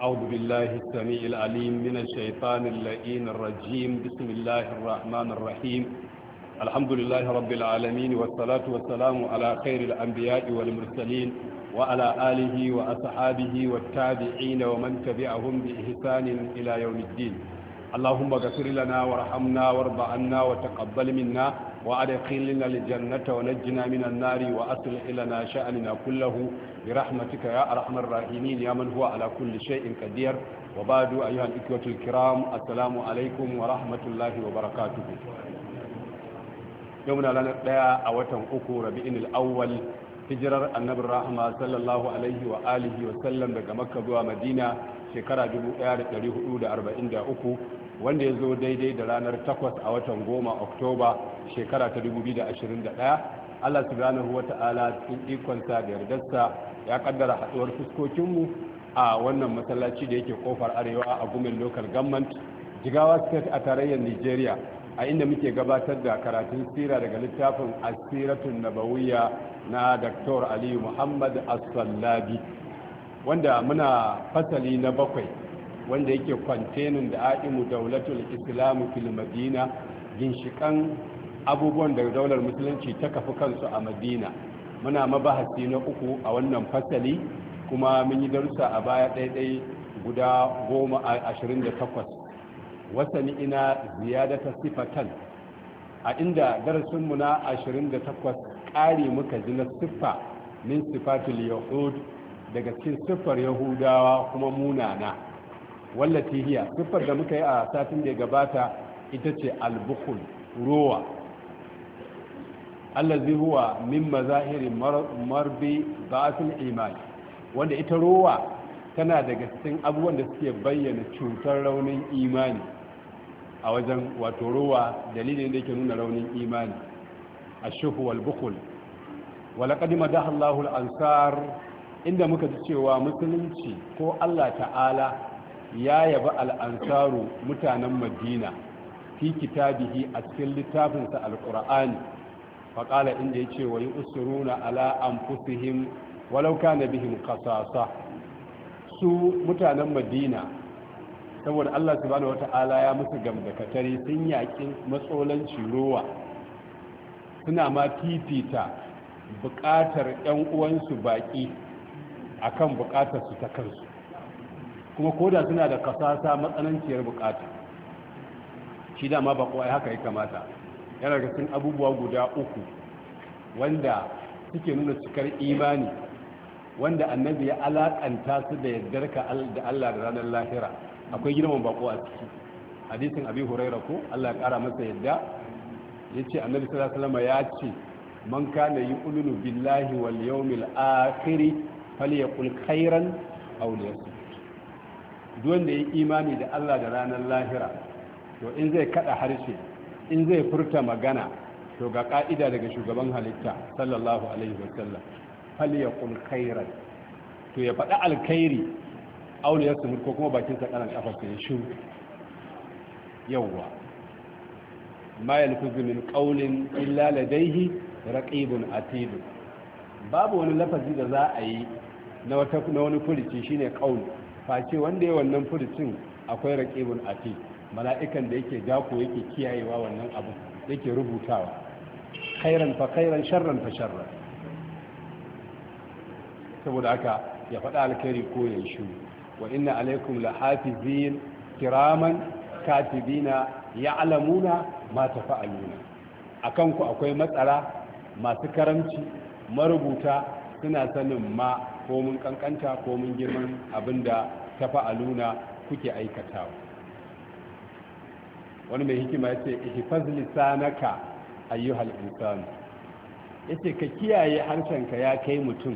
أعوذ بالله السميع العليم من الشيطان اللئين الرجيم بسم الله الرحمن الرحيم الحمد لله رب العالمين والصلاة والسلام على خير الأنبياء والمرسلين وعلى آله وأصحابه والتابعين ومن تبعهم بإحسان إلى يوم الدين اللهم اغفر لنا وارحمنا وارض عنا وتقبل منا وأدخلنا الجنة ونجنا من النار وأصلح لنا شأننا كله برحمتك يا أرحم الراحمين يا من هو على كل شيء قدير وبعد أيها الإخوة الكرام السلام عليكم ورحمة الله وبركاته يومنا لنا الدعاء أوتن أكو ربئن الأول hijirar annabin rahama sallallahu alaihi wa alihi wa sallam daga makka zuwa madina shekara 1443 wanda ya zo daidai da ranar 8 a watan goma oktoba shekara ta 2021 allah subhanahu wa ta'ala cikin ikonsa da yardarsa ya kaddara haduwar fuskokinmu a wannan masallaci da yake kofar arewa a gumin local government jigawa state a tarayyar nigeria a inda muke gabatar da karatun sira daga littafin asiratun nabawiyya na dr aliyu muhammad as wanda muna fasali na bakwai wanda yake kwantenin da aimu daulatul islamu fil madina ginshikan abubuwan da daular musulunci ta kafi kansu a madina muna mabahasi na uku a wannan fasali kuma mun yi darussa a baya ɗaiɗai guda goma a ashirin da takwas wasani ina ziyadata sifatan a inda darasinmu na ashirin da takwas ƙari muka ji na siffa min sifatul yahud daga cikin siffar yahudawa kuma munana wallati hiya siffar da muka yi a satin da ya gabata ita ce albukhul rowa allazi huwa min mazahiri marbi ba'atul imani. wanda ita rowa tana daga cikin abubuwan da suke bayyana cutar raunin imani a wajen wato rowa dalilin da yake nuna raunin imani ashuhu wal bukhul walaƙadi madahallahu ansar. inda muka ji cewa musulunci ko Allah ta'ala ya yaba al'ansaru mutanen madina fi kitabihi a cikin littafinsa alƙur'ani faƙala inda ya ce wa yi usuruna ala an walauka na bihin kasasa su mutanen madina saboda allah subhanahu wata'ala ya musu gamdakatari sun yaƙi matsolanci rowa suna ma fifita buƙatar 'yan uwansu baƙi akan buƙatar su ta kansu kuma koda suna da kasasa matsananciyar bukata shi dama ba kowai haka ya kamata yana da sun abubuwa guda uku wanda suke nuna cikar imani wanda annabi ya alakanta su da ka da Allah da ranar lahira akwai girman bako a ciki hadisin abi huraira ko Allah ya kara masa yadda yace annabi sallallahu alaihi wasallam ya ce man kana yu'minu billahi wal yawmil akhir falyaqul khairan aw liyasmut duwanda ya imani da Allah da ranar lahira to in zai kada harshe in zai furta magana to ga ka'ida daga shugaban halitta sallallahu alaihi wasallam fal yaqul khairan to ya faɗi alkhairi aure ya ko kuma bakin sa kanan kafa sai shiru yawwa ma yalfuzu min qawlin illa ladayhi raqibun atid babu wani lafazi da za a yi na wata wani furuci shine qawli face wanda ya wannan furucin akwai raqibun ati mala'ikan da yake jako yake kiyayewa wannan abu yake rubutawa khairan fa khairan sharran fa sharran saboda haka ya faɗa alkhairi ko ya shu wa inna alaikum lahafizin kiraman katibina ya'lamuna ma tafa'aluna akan ku akwai matsala masu karamci marubuta suna sanin ma ko mun kankanta ko mun girman abinda ta fa'aluna kuke aikatawa wani mai hikima ya ce fazli sanaka ayyuhal Ya yace ka kiyaye harshenka ya kai mutum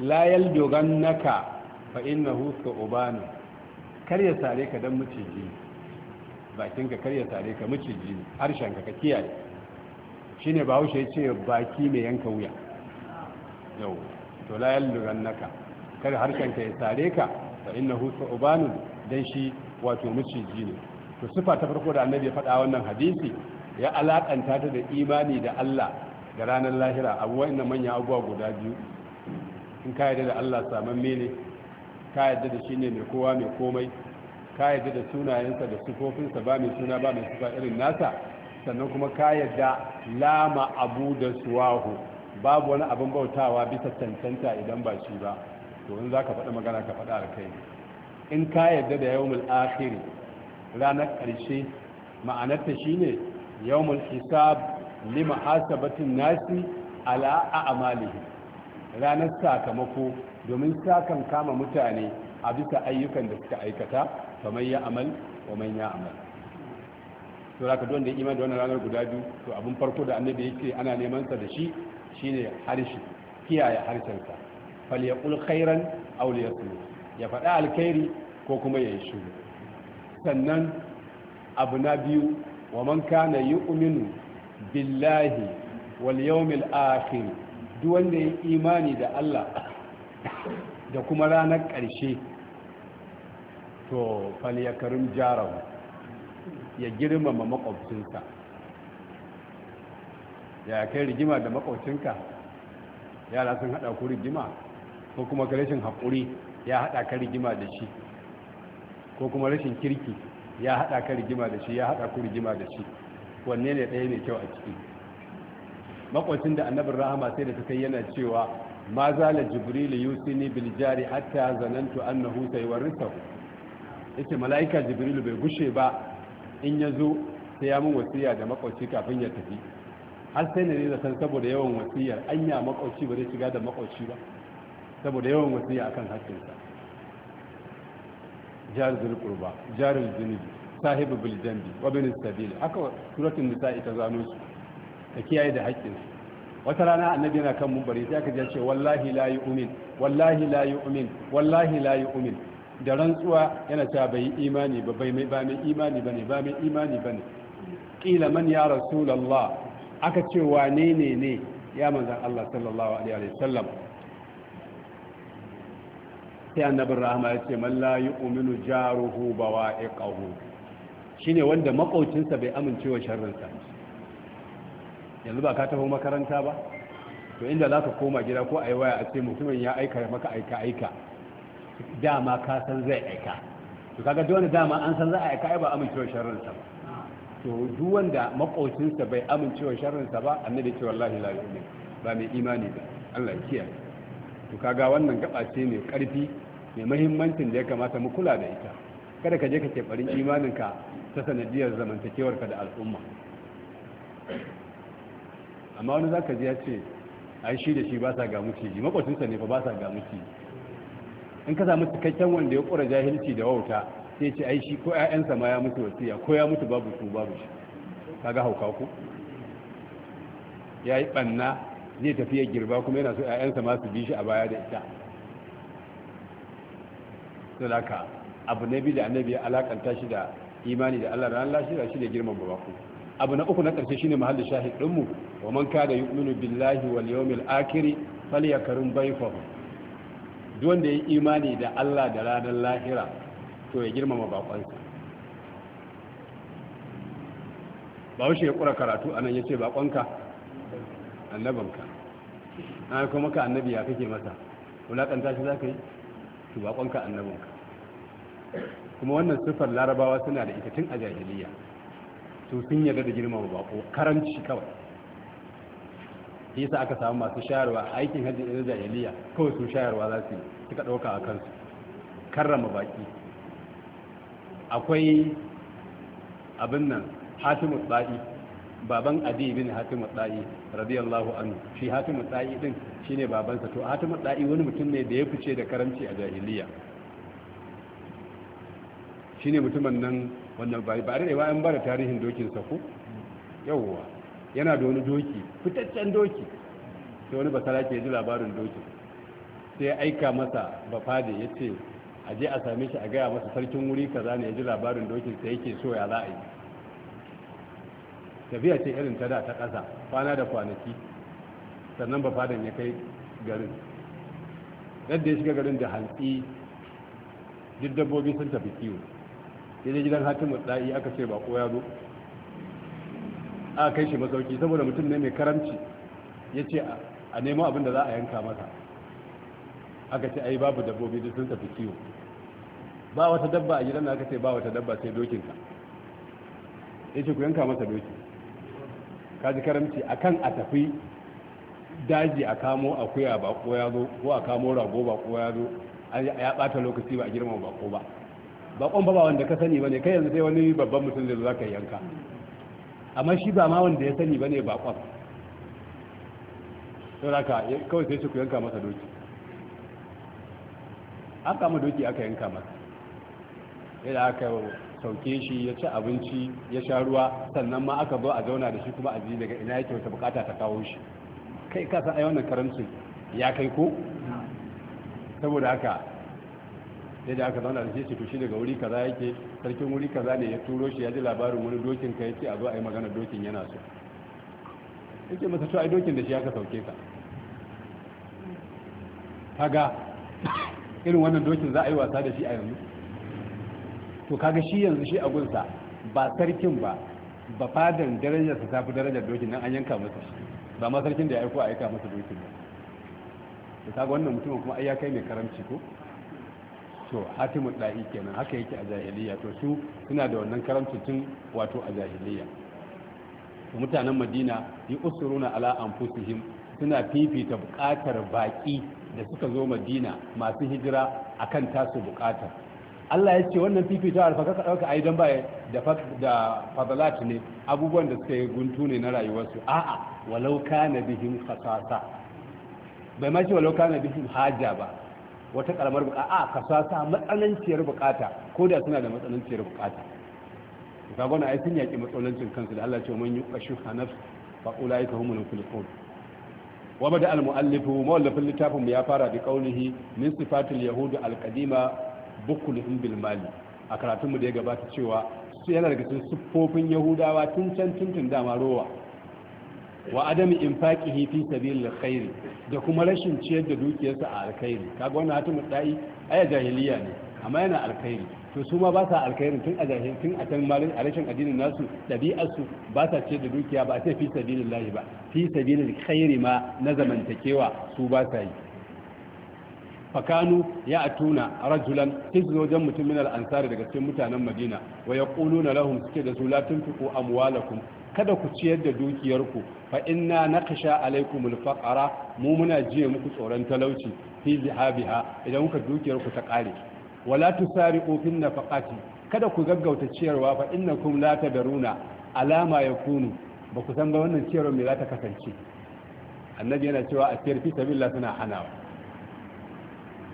la naka fa innahu su'ban kar ya sare ka dan miciji bakinka kar ya sare ka miciji harshenka ka kiyaye shine bahaushe ya ce baki mai yanka wuya yau to la yallurannaka kada ka ya sare ka fa innahu su'banun dan shi wato miciji ne to sifa ta farko da annabi ya faɗa wannan hadisi ya alakanta ta da imani da Allah da ranar lahira abuwa inda manya abuwa guda biyu in ka yadda da Allah saman mene ka yadda da shi ne mai kowa mai komai ka yadda da sunayensa da sufofinsa ba mai suna ba mai sufa irin nasa sannan kuma ka yadda lama abu da suwahu babu wani abin bautawa bisa cancanta idan ba shi ba to in za ka faɗi magana ka faɗa kai in ka yarda da yawmul akhiri ranar ƙarshe ma'anarta shine yawmul hisab li muhasabatin nasi ala a'malihi ranar sakamako domin sakan kama mutane a bisa ayyukan da suka aikata kamar ya amal wa man ya amal to zaka don da imani da wannan ranar guda biyu to abin farko da annabi yake ana neman sa da shi shine harshe kiyaye harshenka falyaqul khairan aw ya faɗa alkhairi ko kuma ya yi shiru sannan abu na biyu wa man kana yu'minu billahi wal yawmil akhir duk wanda ya imani da Allah da kuma ranar ƙarshe to falyakarim jarahu ya girmama makwabcinsa ya kai rigima da makwacinka yara sun hada ku rigima ko kuma ka rashin haƙuri ya hada ka rigima da shi ko kuma rashin kirki ya hada ka rigima da shi ya hada ku rigima da shi wanne ne ɗaya mai kyau a ciki makwacin da annabin rahama sai da ta kai yana cewa ma zala jibril yusini bil jari hatta zanantu annahu sayawrisahu yace malaika jibril bai gushe ba in yazo sai ya mun wasiya da makwaci kafin ya tafi har sai ne da san saboda yawan wasiyar anya makauci ba zai shiga da makauci ba saboda yawan wasiya akan sa jar zul qurba jarul zunubi sahibu bil jambi wa bin sabil haka suratul nisa ita zano su ta kiyaye da haƙƙinsu wata rana annabi yana kan mumbari sai aka ji ce wallahi la yu'min wallahi la yu'min wallahi la yu'min da rantsuwa yana cewa bai imani ba bai mai ba mai imani bane ba mai imani bane qila man ya rasulullah aka ce wane ne ne ya manzan Allah sallallahu alaihi wasallam sai annabin rahama ya ce man la yu'minu jaruhu shi ne wanda makaucinsa bai amincewa sharrinsa yanzu ba ka tafi makaranta ba to inda za ka koma gida ko ai waya a ce mutumin ya aika maka aika aika dama ka san zai aika to kaga dole dama an san za a aika ai ba amincewa sharrinsa ba to duk wanda makocinsa bai amincewa sharrinsa ba annabi ce wallahi la yu'min ba mai imani ba Allah kiyaye to kaga wannan gaba ce mai karfi mai muhimmancin da ya kamata mu kula da ita kada ka je ka ke barin imaninka ta sanadiyar zamantakewarka da al'umma amma wani zaka ji ya ce ai shi da shi ba sa ga miciji makocinsa ne fa ba sa ga in ka samu cikakken wanda ya kura jahilci da wauta sai ce ai shi ko ƴaƴansa ma ya mutu wasiya ko ya mutu babu su babu shi kaga hauka ku yayi banna zai tafi ya girba kuma yana so ƴaƴansa ma su bi shi a baya da ita laka abu na da annabi ya alakanta shi da imani da Allah ran lashi shi da girman ku? abu na uku na karshe shine mahallin shahid din mu wa man da yu'minu billahi wal yawmil akhir falyakrim bayfahu duk wanda ya imani da Allah da ranar lahira to ya girmama bakonsa ba wuce ya kura karatu a nan ya ce bakonka annabanka na kuma ka annabi ya kake masa wulaƙanta shi za ka yi su bakonka annabinka kuma wannan siffar larabawa suna da ita tun a jahiliya su sun yarda da girmama bako karanci kawai yasa aka samu masu shayarwa aikin hajji na jahiliya kawai su shayarwa za su yi suka ɗauka a kansu karrama baki akwai abin nan hatimu tsa'i baban adi bin hatimu tsa'i radiyallahu anhu shi hatimu tsa'i din shine babansa to hatimu tsa'i wani mutum ne da ya fice da karamci a jahiliya shine mutumin nan wannan ba ba da an bara tarihin dokin sa ko yawwa yana da wani doki fitaccen doki sai wani basara ke ji labarin doki. sai aika masa bafade ya ce a je a same shi a gaya masa sarkin wuri kaza ne ya ji labarin dokin sa yake so ya za'a yi tafiya ce irin ta da ta ƙasa kwana da kwanaki sannan ba fadan ya kai garin yadda ya shiga garin da hantsi duk dabbobi sun tafi kiwo ya je gidan hatimu ɗa'i aka ce ba ko ya zo a kai shi masauki saboda mutum ne mai karamci ya ce a nemo abin da za a yanka masa aka ce ai babu dabbobi duk sun tafi kiwo ba wata dabba a gidan aka ce ba wata dabba sai dokinka ya ce ku yanka masa doki kaji karamci akan a tafi daji a kamo akuya ba ko ya zo ko a kamo rago ba ko ya zo ya bata lokaci ba a girma ba ko ba bakon ba ba wanda ka sani bane kai yanzu sai wani babban mutum zai zaka yanka amma shi ba ma wanda ya sani bane bakon to haka kawai sai ku yanka masa doki aka ma doki aka yanka masa yadda aka sauke shi ya ci abinci ya sha ruwa sannan ma aka zo a zauna da shi kuma a ji daga ina yake wata bukata ta kawo shi kai ka san ai wannan karamcin ya kai ko saboda haka yadda aka zauna da shi shi tushi daga wuri kaza yake sarkin wuri kaza ne ya turo shi ya ji labarin wani dokin ka ce a zo a yi magana dokin yana so yake masa to ai dokin da shi aka sauke ka kaga irin wannan dokin za a yi wasa da shi a yanzu to kaga shi yanzu shi a gunsa ba sarkin ba ba fadan darajarsa ta fi darajar dokin nan an yanka masa shi ba ma sarkin da ya aiko a aika masa dokin ba to kaga wannan mutumin kuma ai ya kai mai karamci ko to hatimu da'i kenan haka yake a jahiliya to su suna da wannan karamci tun wato a jahiliya mutanen madina yi usuruna ala anfusihim suna fifita bukatar baki da suka zo madina masu hijira akan tasu bukatar Allah ya ce wannan fifitawar fa ka dauka ai dan baye da da fadalat ne abubuwan da suka yi guntu ne na rayuwarsu a'a walau kana bihim khasasa bai ma ce walau kana bihim haja ba wata kalmar buka a khasasa matsananciyar bukata ko da suna da matsananciyar bukata ka gona ai sun yaki matsalancin kansu da Allah ya ce man yuqashu hanaf fa ulaika humul muflihun wa bada al muallifu mawallafin littafin ya fara bi qawlihi min sifatil yahudi al qadima bukulihim bil mali a karatunmu da ya gabata cewa su yana daga cikin siffofin yahudawa tun can tuntun dama rowa wa in faƙi fi sabilil khair da kuma rashin ciyar da dukiyarsa a alkhairi kaga wannan hatimu dai aya jahiliya ne amma yana alkhairi to su ma ba sa alkhairin tun a jahil tun a tan malin a rashin addinin nasu dabi'arsu ba sa ciyar da dukiya ba sai fi sabilillahi ba fi sabilil khairi ma na zamantakewa su ba sa yi fakanu ya atuna rajulan sai wajen mutum min al-ansari daga cikin mutanen madina wa yaquluna lahum suke da su la tunfiqu amwalakum kada ku ciyar da dukiyarku fa inna naqsha alaikumul faqara mu muna jiye muku tsoron talauci fi zihabiha idan kuka dukiyarku ta kare wala tusariqu fin nafaqati kada ku gaggauta ciyarwa fa innakum la runa, alama yakunu ba ku san ba wannan ciyarwa me za ta kasance annabi yana cewa a ciyar fi sabilillah suna hanawa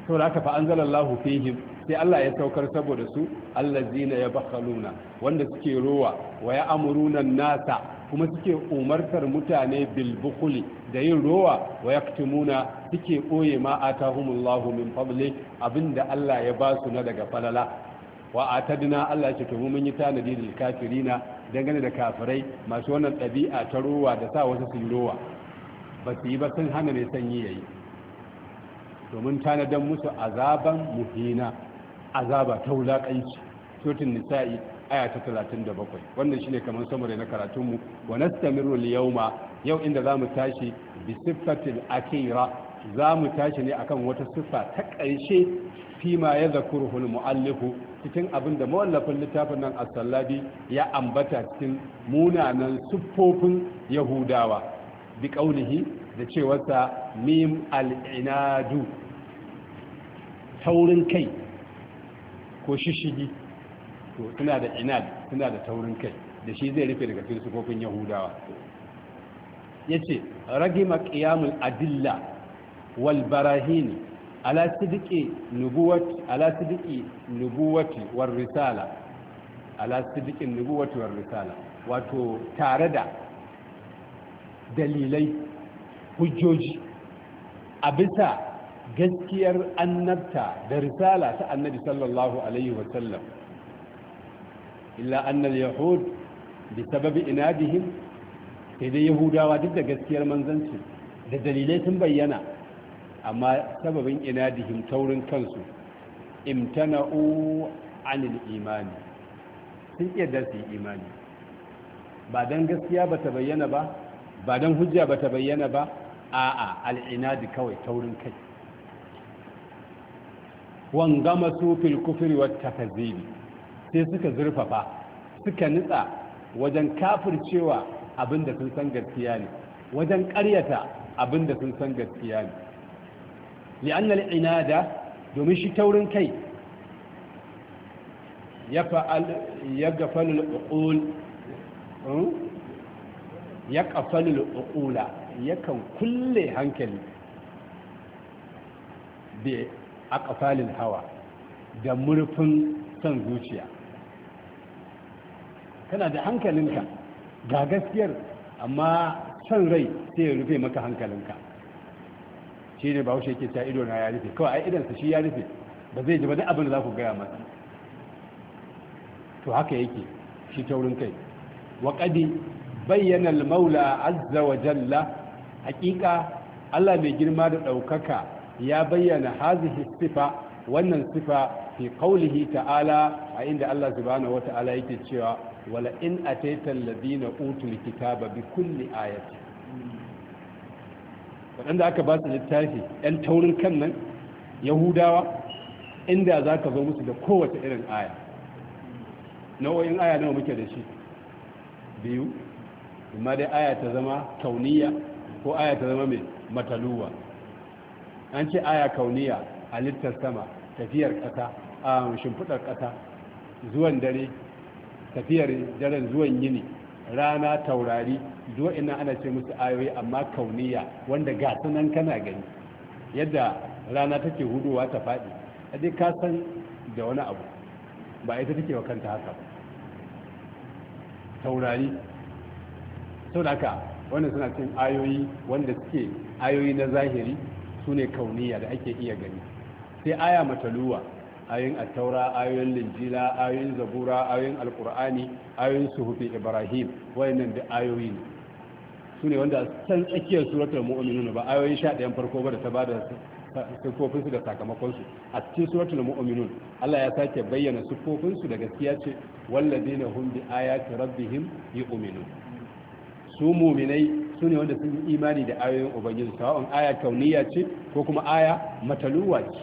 saboda haka fa anzalallahu fihim sai Allah ya saukar saboda su allazina bakaluna wanda suke rowa wa amurunan nasa kuma suke umartar mutane bil da yin rowa wa yaktumuna suke koye ma atahumullahu min fadli abinda Allah ya ba su na daga falala wa atadna Allah ce to mun yi tanadi lil kafirina dangane da kafirai masu wannan ɗabi'a ta rowa da sa wasu su yi rowa ba su yi ba sun hana ne sanyi yayi domin tanadan musu azaban muhina azaba ta wulaƙanci sotin nisa'i aya ta 37 wannan shine kamar samurai na karatunmu wa nastamiru al-yawma yau inda zamu tashi bi siffatil akira mu tashi ne akan wata siffa ta ƙarshe fima ya zakuruhul muallifu cikin abin da mawallafin littafin nan as-sallabi ya ambata cikin munanan siffofin yahudawa bi qaulihi da cewarsa mim al'inadu taurin kai ko shishigi to suna da inad suna da taurin kai da shi zai rufe daga cikin Kofin yahudawa ya ce ragima ƙiyamun adilla wal barahini ala sidiki nubuwati war risala ala nubuwati war risala wato tare da dalilai hujjoji a bisa gaskiyar annabta da risala ta annabi sallallahu alaihi wasallam illa annal yahud bi sababi inadihim sai dai yahudawa duk da gaskiyar manzanci da dalilai sun bayyana amma sababin inadihim taurin kansu imtana'u anil imani sun iya darsi imani ba don gaskiya ba ta bayyana ba ba don hujja ba ta bayyana ba a'a al'inadi kawai taurin kai wangama su fil kufri wat takzibi sai suka zurfafa suka nitsa wajen kafircewa abinda sun san gaskiya ne wajen ƙaryata abinda sun san gaskiya ne li'anna al'inada domin shi taurin kai ya fa'al ya gafalul uqul hmm? ya qafalul uqula yakan kulle hankali da akafalin hawa da murfin son zuciya kana da hankalinka ga gaskiyar amma son rai sai ya rufe maka hankalinka shi ne bahaushe yake ta ido na ya rufe kawai ai idansa shi ya rufe ba zai ji ba duk abin da za ku gaya masa to haka yake shi ta wurin kai wa qadi bayyana al-maula azza wa jalla hakika Allah mai girma da ɗaukaka ya bayyana hazihi sifa wannan sifa fi qaulihi ta'ala a inda Allah subhanahu wata'ala yake cewa wala in ataita alladhina utul kitaba bi kulli ayati wadanda aka ba su littafi yan taurin kan nan yahudawa inda ka zo musu da kowace irin aya nau'o'in aya nawa muke da shi biyu amma dai aya ta zama kauniya ko aya ta zama mai mataluwa an ce aya kauniya a littar sama tafiyar ƙasa a shimfidar ƙasa zuwan dare tafiyar daren zuwan yini rana taurari zuwa ina ana ce musu ayoyi amma kauniya wanda ga nan kana gani yadda rana take huduwa ta faɗi a dai ka san da wani abu ba ita take wa kanta haka ba taurari sau da ka. wannan suna cin ayoyi wanda suke ayoyi na zahiri su ne kauniya da ake iya gani sai aya mataluwa ayoyin attaura ayoyin linjila ayoyin zabura ayoyin alkur'ani ayoyin suhufi ibrahim wayannan da ayoyi ne su ne wanda san tsakiyar suratul mu'minun ba ayoyin ɗayan farko ba da ta ba bada siffofinsu da sakamakonsu a cikin suratul mu'minun Allah ya sake bayyana siffofinsu da gaskiya ce wallazina hum bi ayati rabbihim yu'minun su muminai su ne wanda sun yi imani da ayoyin ubangiji sawa'un aya kauniya ce ko kuma aya mataluwa ce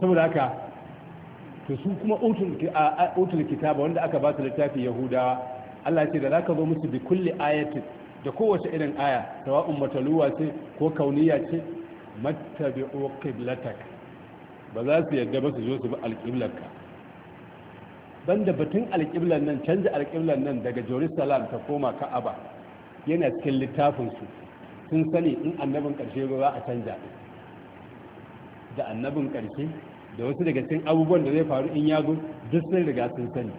saboda haka to su kuma otun kitaba wanda aka ba su littafi yahudawa Allah ce da zaka zo musu bi kulli ayatin da kowace irin aya sawa'un mataluwa ce ko kauniya ce mattabi'u qiblatak ba za su yadda ba su zo su bi alqiblarka banda batun alƙiblan nan canza alƙiblan nan daga jerusalem ta koma ka'aba yana cikin littafinsu sun sani in annabin ƙarshe ba a canja da annabin ƙarshe da wasu daga cikin abubuwan da zai faru in yago duk sun riga sun sani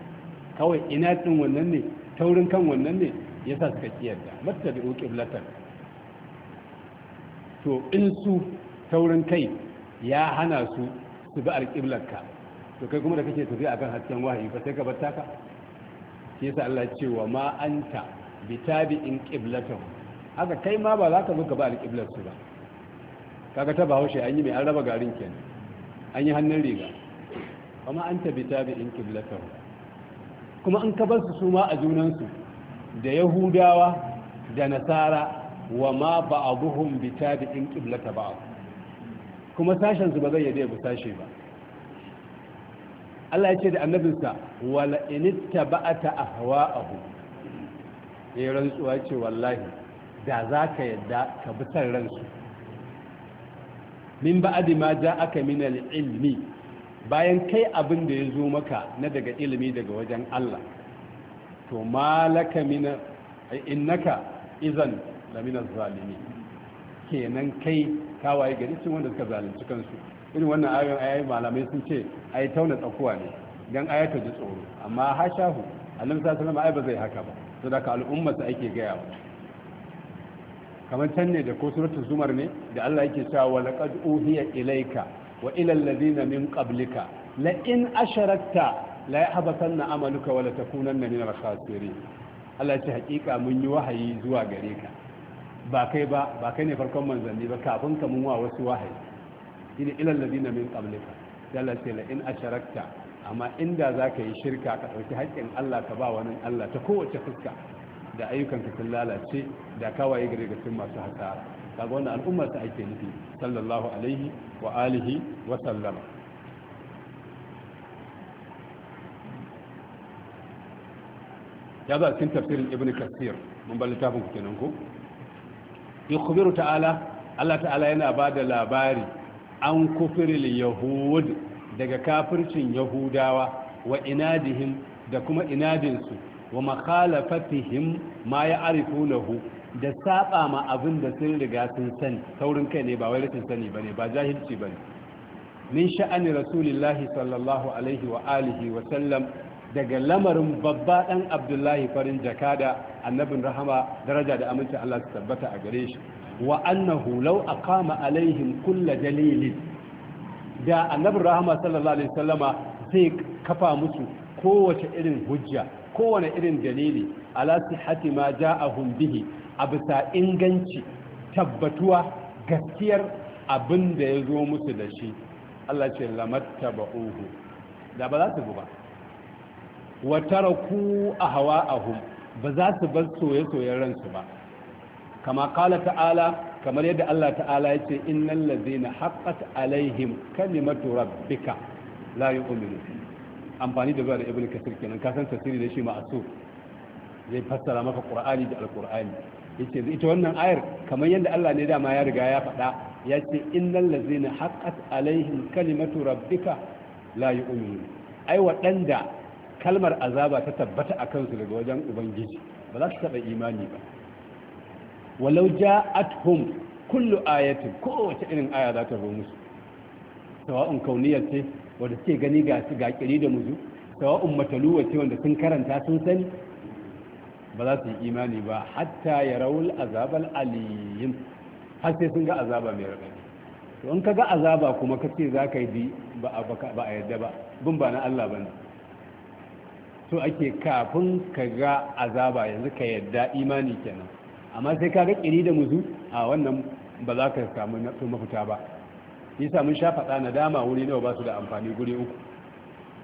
kawai ina cin wannan ne taurin kan wannan ne yasa suka kiyarda Mata da ƙiblatan to in su taurin kai ya hana su su bi alƙiblar ka. to kai kuma da kake a kan hasken wahayi fa sai ka bar taka shi yasa Allah ya ce wa ma anta tabi'in haka kai ma ba za ka zo ka ba alqiblar su ba kaga ta bahaushe an yi mai an raba garin kenan an yi hannun riga amma an bi tabi'in qiblatuhum kuma an ka bar su su ma a junan su da yahudawa da nasara wa ma ba'aduhum bitabi'in qiblata ba'd kuma sashen su ba zai yade ya bi sashe ba Allah ya ce da annabinsa wala initta ba'ata ahwa'ahu ya rantsuwa ce wallahi da za ka yadda ka bi san ransu min ba'adi ma a aka min ilmi bayan kai abin da ya zo maka na daga ilimi daga wajen Allah to malaka min innaka idan lamina zalimi kenan kai kawaye gari cin wanda suka zalunci kansu irin wannan ayoyin ayoyin malamai sun ce ai tauna tsakuwa ne dan ayata ji tsoro amma ha shahu sallallahu alaihi wasallam ai ba zai haka ba saboda ka al'umma su ake gaya ba kamar can ne da ko suratul zumar ne da Allah yake cewa wa laqad uhiya ilayka wa ila alladhina min qablika la in asharakta la yahbatanna amaluka wa la takunanna min al-khasirin Allah ya ce hakika mun yi wahayi zuwa gare ka ba kai ba ba kai ne farkon manzanni ba kafin ka mun wa wasu wahayi shine ilal ladina min qablika dalla ce la in asharakta amma inda zaka yi shirka ka dauki haƙƙin Allah ka ba wani Allah ta kowace fuska da ayyukanka sun lalace da kawaye gare ga cikin masu hasara kaga wannan al'ummar ta ake nufi sallallahu alaihi wa alihi wa sallama ya za cikin tafsirin ibn kasir mun bar littafin ku kenan ko yukhbiru ta'ala Allah ta'ala yana ba da labari an kufiril yahud daga kafircin yahudawa wa inadihim da kuma inadinsu wa makhalafatihim ma ya'rifunahu da saba ma abin da sun riga sun sani saurin kai ne ba wai rashin sani ne, ba jahilci ne. min sha'ani rasulillahi sallallahu alaihi wa alihi wa sallam daga lamarin babba dan abdullahi farin jakada annabin rahama daraja da aminci Allah su tabbata a gare shi wa annahu law aqama alaihim kulla dalilin da annabi rahama sallallahu alaihi wasallama zai kafa musu kowace irin hujja kowane irin dalili ala sihhati ma ja'ahum bihi a bisa inganci tabbatuwa gaskiyar abin da ya zo musu da shi Allah ce lamatta da ba za su bu wa taraku ahwa'ahum ba za su bar soye-soyen ransu ba kama kala ta'ala kamar yadda Allah ta'ala ya ce innal ladzina haqqat alaihim kalimatu rabbika la yu'minu amfani da zuwa da ibnu kasir kenan ka san tafsiri da shi ma'asu zai fassara maka qur'ani da alqur'ani yace ita wannan ayar kamar yadda Allah ne dama ya riga ya faɗa ya ce innal ladzina haqqat alaihim kalimatu rabbika la yu'minu ai wadanda kalmar azaba ta tabbata akan su daga wajen ubangiji ba za su taɓa imani ba walau ja'atuhum kullu ayatin kowace irin aya za ta zo musu sawa'un kauniyar ce wanda suke gani ga su ga da muzu sawa'un mataluwa ce wanda sun karanta sun sani ba za su yi imani ba hatta ya rawul azabal aliyin har sai sun ga azaba mai raɗaɗi to in ka ga azaba kuma ka ce za ka yi bi ba a yadda ba bin ba na Allah ba ne to ake kafin ka ga azaba yanzu ka yadda imani kenan amma sai ka ga kiri da muzu a wannan ba za ka samu mafita ba yasa mun sha faɗa nadama wuri nawa ba su da amfani guri uku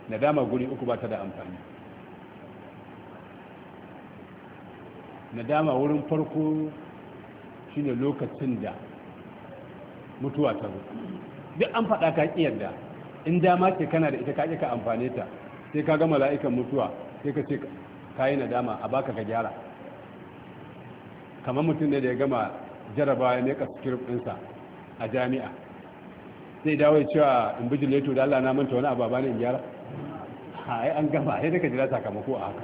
nadama guri uku ba ta da amfani nadama wurin farko shi ne lokacin da mutuwa ta zo duk an faɗa ka yadda in dama ce kana da ita ka ka amfane ta sai ka ga mala'ikan mutuwa sai ka ce ka yi nadama a baka ka gyara kamar mutum ne da ya gama jarabawa ya meka script ɗinsa a jami'a sai dawo ya cewa in bijileto da Allah na manta wani ababa ne in gyara ai an gama sai daga jira sakamako a haka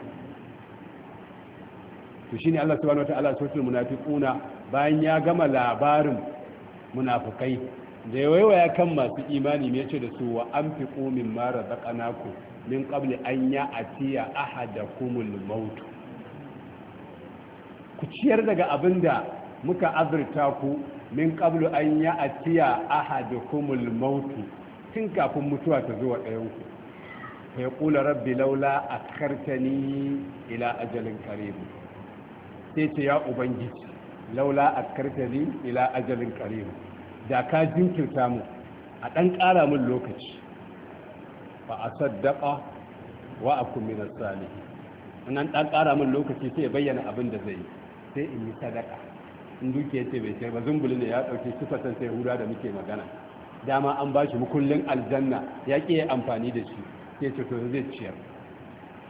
to shine Allah subhanahu wataala suratul munafiquna bayan ya gama labarin munafukai da ya kan masu imani mai ce da su wa an fi ƙomin mara zaƙanaku min ƙabli an ya a tiya ahada kumul mautu ku ciyar daga abin da muka azurta ku min qablu an ya atiya ahadukumul mautu tun kafin mutuwa ta zuwa ɗayanku ya ƙula rabbi laula a kartani ila ajalin karibu sai ce ya ubangiji laula a kartani ila ajalin karibu da ka jinkirta mu a ɗan ƙara min lokaci ba a saddaƙa wa a kuminar salihi nan ɗan ƙara min lokaci sai bayyana abin da zai yi sai in yi sadaka in duke ce bai sayar ba zumbuli ne ya ɗauki sifatan sai huda da muke magana dama an ba shi mukullin aljanna ya ƙi amfani da shi sai ce to zai ciyar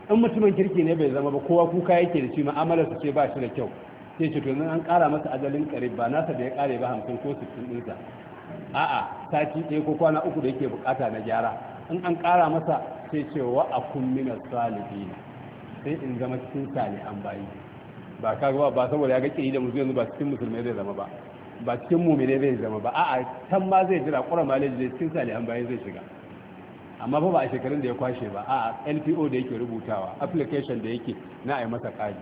in mutumin kirki ne bai zama ba kowa kuka yake da shi ma'amalar su ce ba shi da kyau sai ce to an kara masa ajalin kare ba nasa da ya kare ba hamsin ko sittin ɗinsa a'a sati ɗaya ko kwana uku da yake bukata na gyara in an kara masa sai ce wa a kun mina salihina sai in zama cikin salihan bayi ba ka ba ba saboda ya ga kiri da musu yanzu ba cikin musulmi zai zama ba ba cikin mumine zai zama ba a'a can ma zai jira ƙura malaji zai cikin salihan bayan zai shiga amma fa ba a shekarun da ya kwashe ba a'a lpo da yake rubutawa application da yake na a yi masa ƙari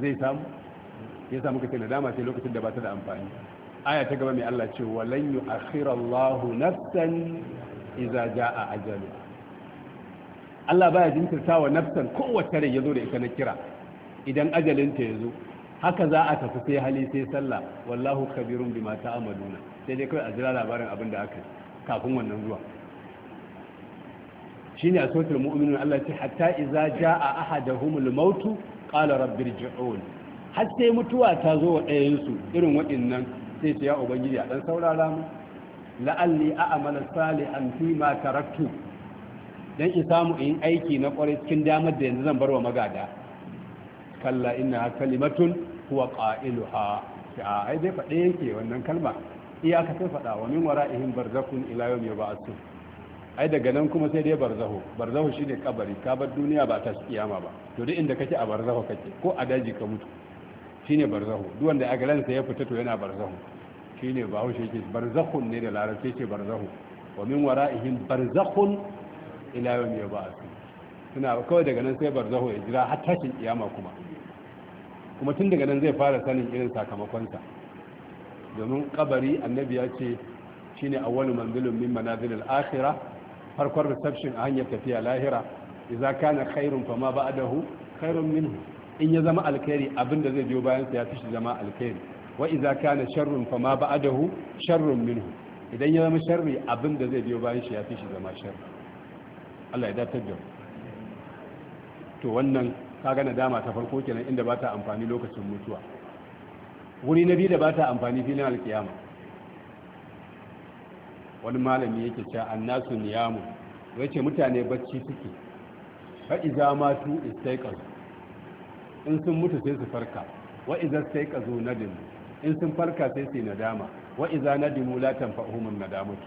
zai samu ya samu kace nadama sai lokacin da ba ta da amfani aya ta gaba mai Allah ce walan yu'akhira Allahu nafsan idza jaa ajalu Allah baya jinkirtawa nafsan kowace rai yazo da ita na kira idan ajalinta ya zo haka za a tafi sai hali sai sallah wallahu kabirun bima ta'amaluna sai dai kawai a jira labarin abin da aka kafin wannan zuwa shine a sotar mu'minin Allah ce hatta idza jaa ahaduhumul maut qala rabbirji'un har sai mutuwa ta zo wa ɗayan su irin waɗannan sai ce ya ubangiji a dan saurara mu la'alli a'mala salihan fi ma taraktu dan in samu in aiki na kwarai cikin damar da yanzu zan barwa magada kalla ina kalimatun huwa qailuha ya ai dai faɗe yake wannan kalma iyaka sai faɗa wa min wara'ihim barzakhun ila yawm yub'athun ai daga nan kuma sai dai barzaho barzaho shine kabari ka bar duniya ba ta kiyama ba to duk inda kake a barzaho kake ko a daji ka mutu shine barzaho duk wanda a galansa ya fita to yana barzaho shine bahaushe yake barzakhun ne da larabci ce barzaho wa min wara'ihim barzakhun ila yawm yub'athun suna kawai daga nan sai barzaho ya jira har tashin kiyama kuma kuma tun daga nan zai fara sanin irin sakamakonsa domin kabari annabi ya ce shine awwalu manzilun min manazilil akhirah farkon reception a hanyar tafiya lahira idza kana khairun fama ba'dahu kairun minhu in ya zama alkhairi abinda zai biyo bayan ya fi shi zama alkhairi wa idza kana sharrun fama ba'dahu sharrun minhu idan ya zama sharri abinda zai biyo bayan shi ya fi shi zama sharri Allah ya datar da to wannan kaga nadama ta farko kenan inda ba ta amfani lokacin mutuwa wuri na biyu da ba ta amfani filin alkiyama wani malami yake cewa annasu niyamu yace mutane bacci suke fa iza matu istaiqazu in sun mutu sai su farka wa iza istaiqazu nadim in sun farka sai su nadama wa iza nadimu la tanfa'uhum nadamatu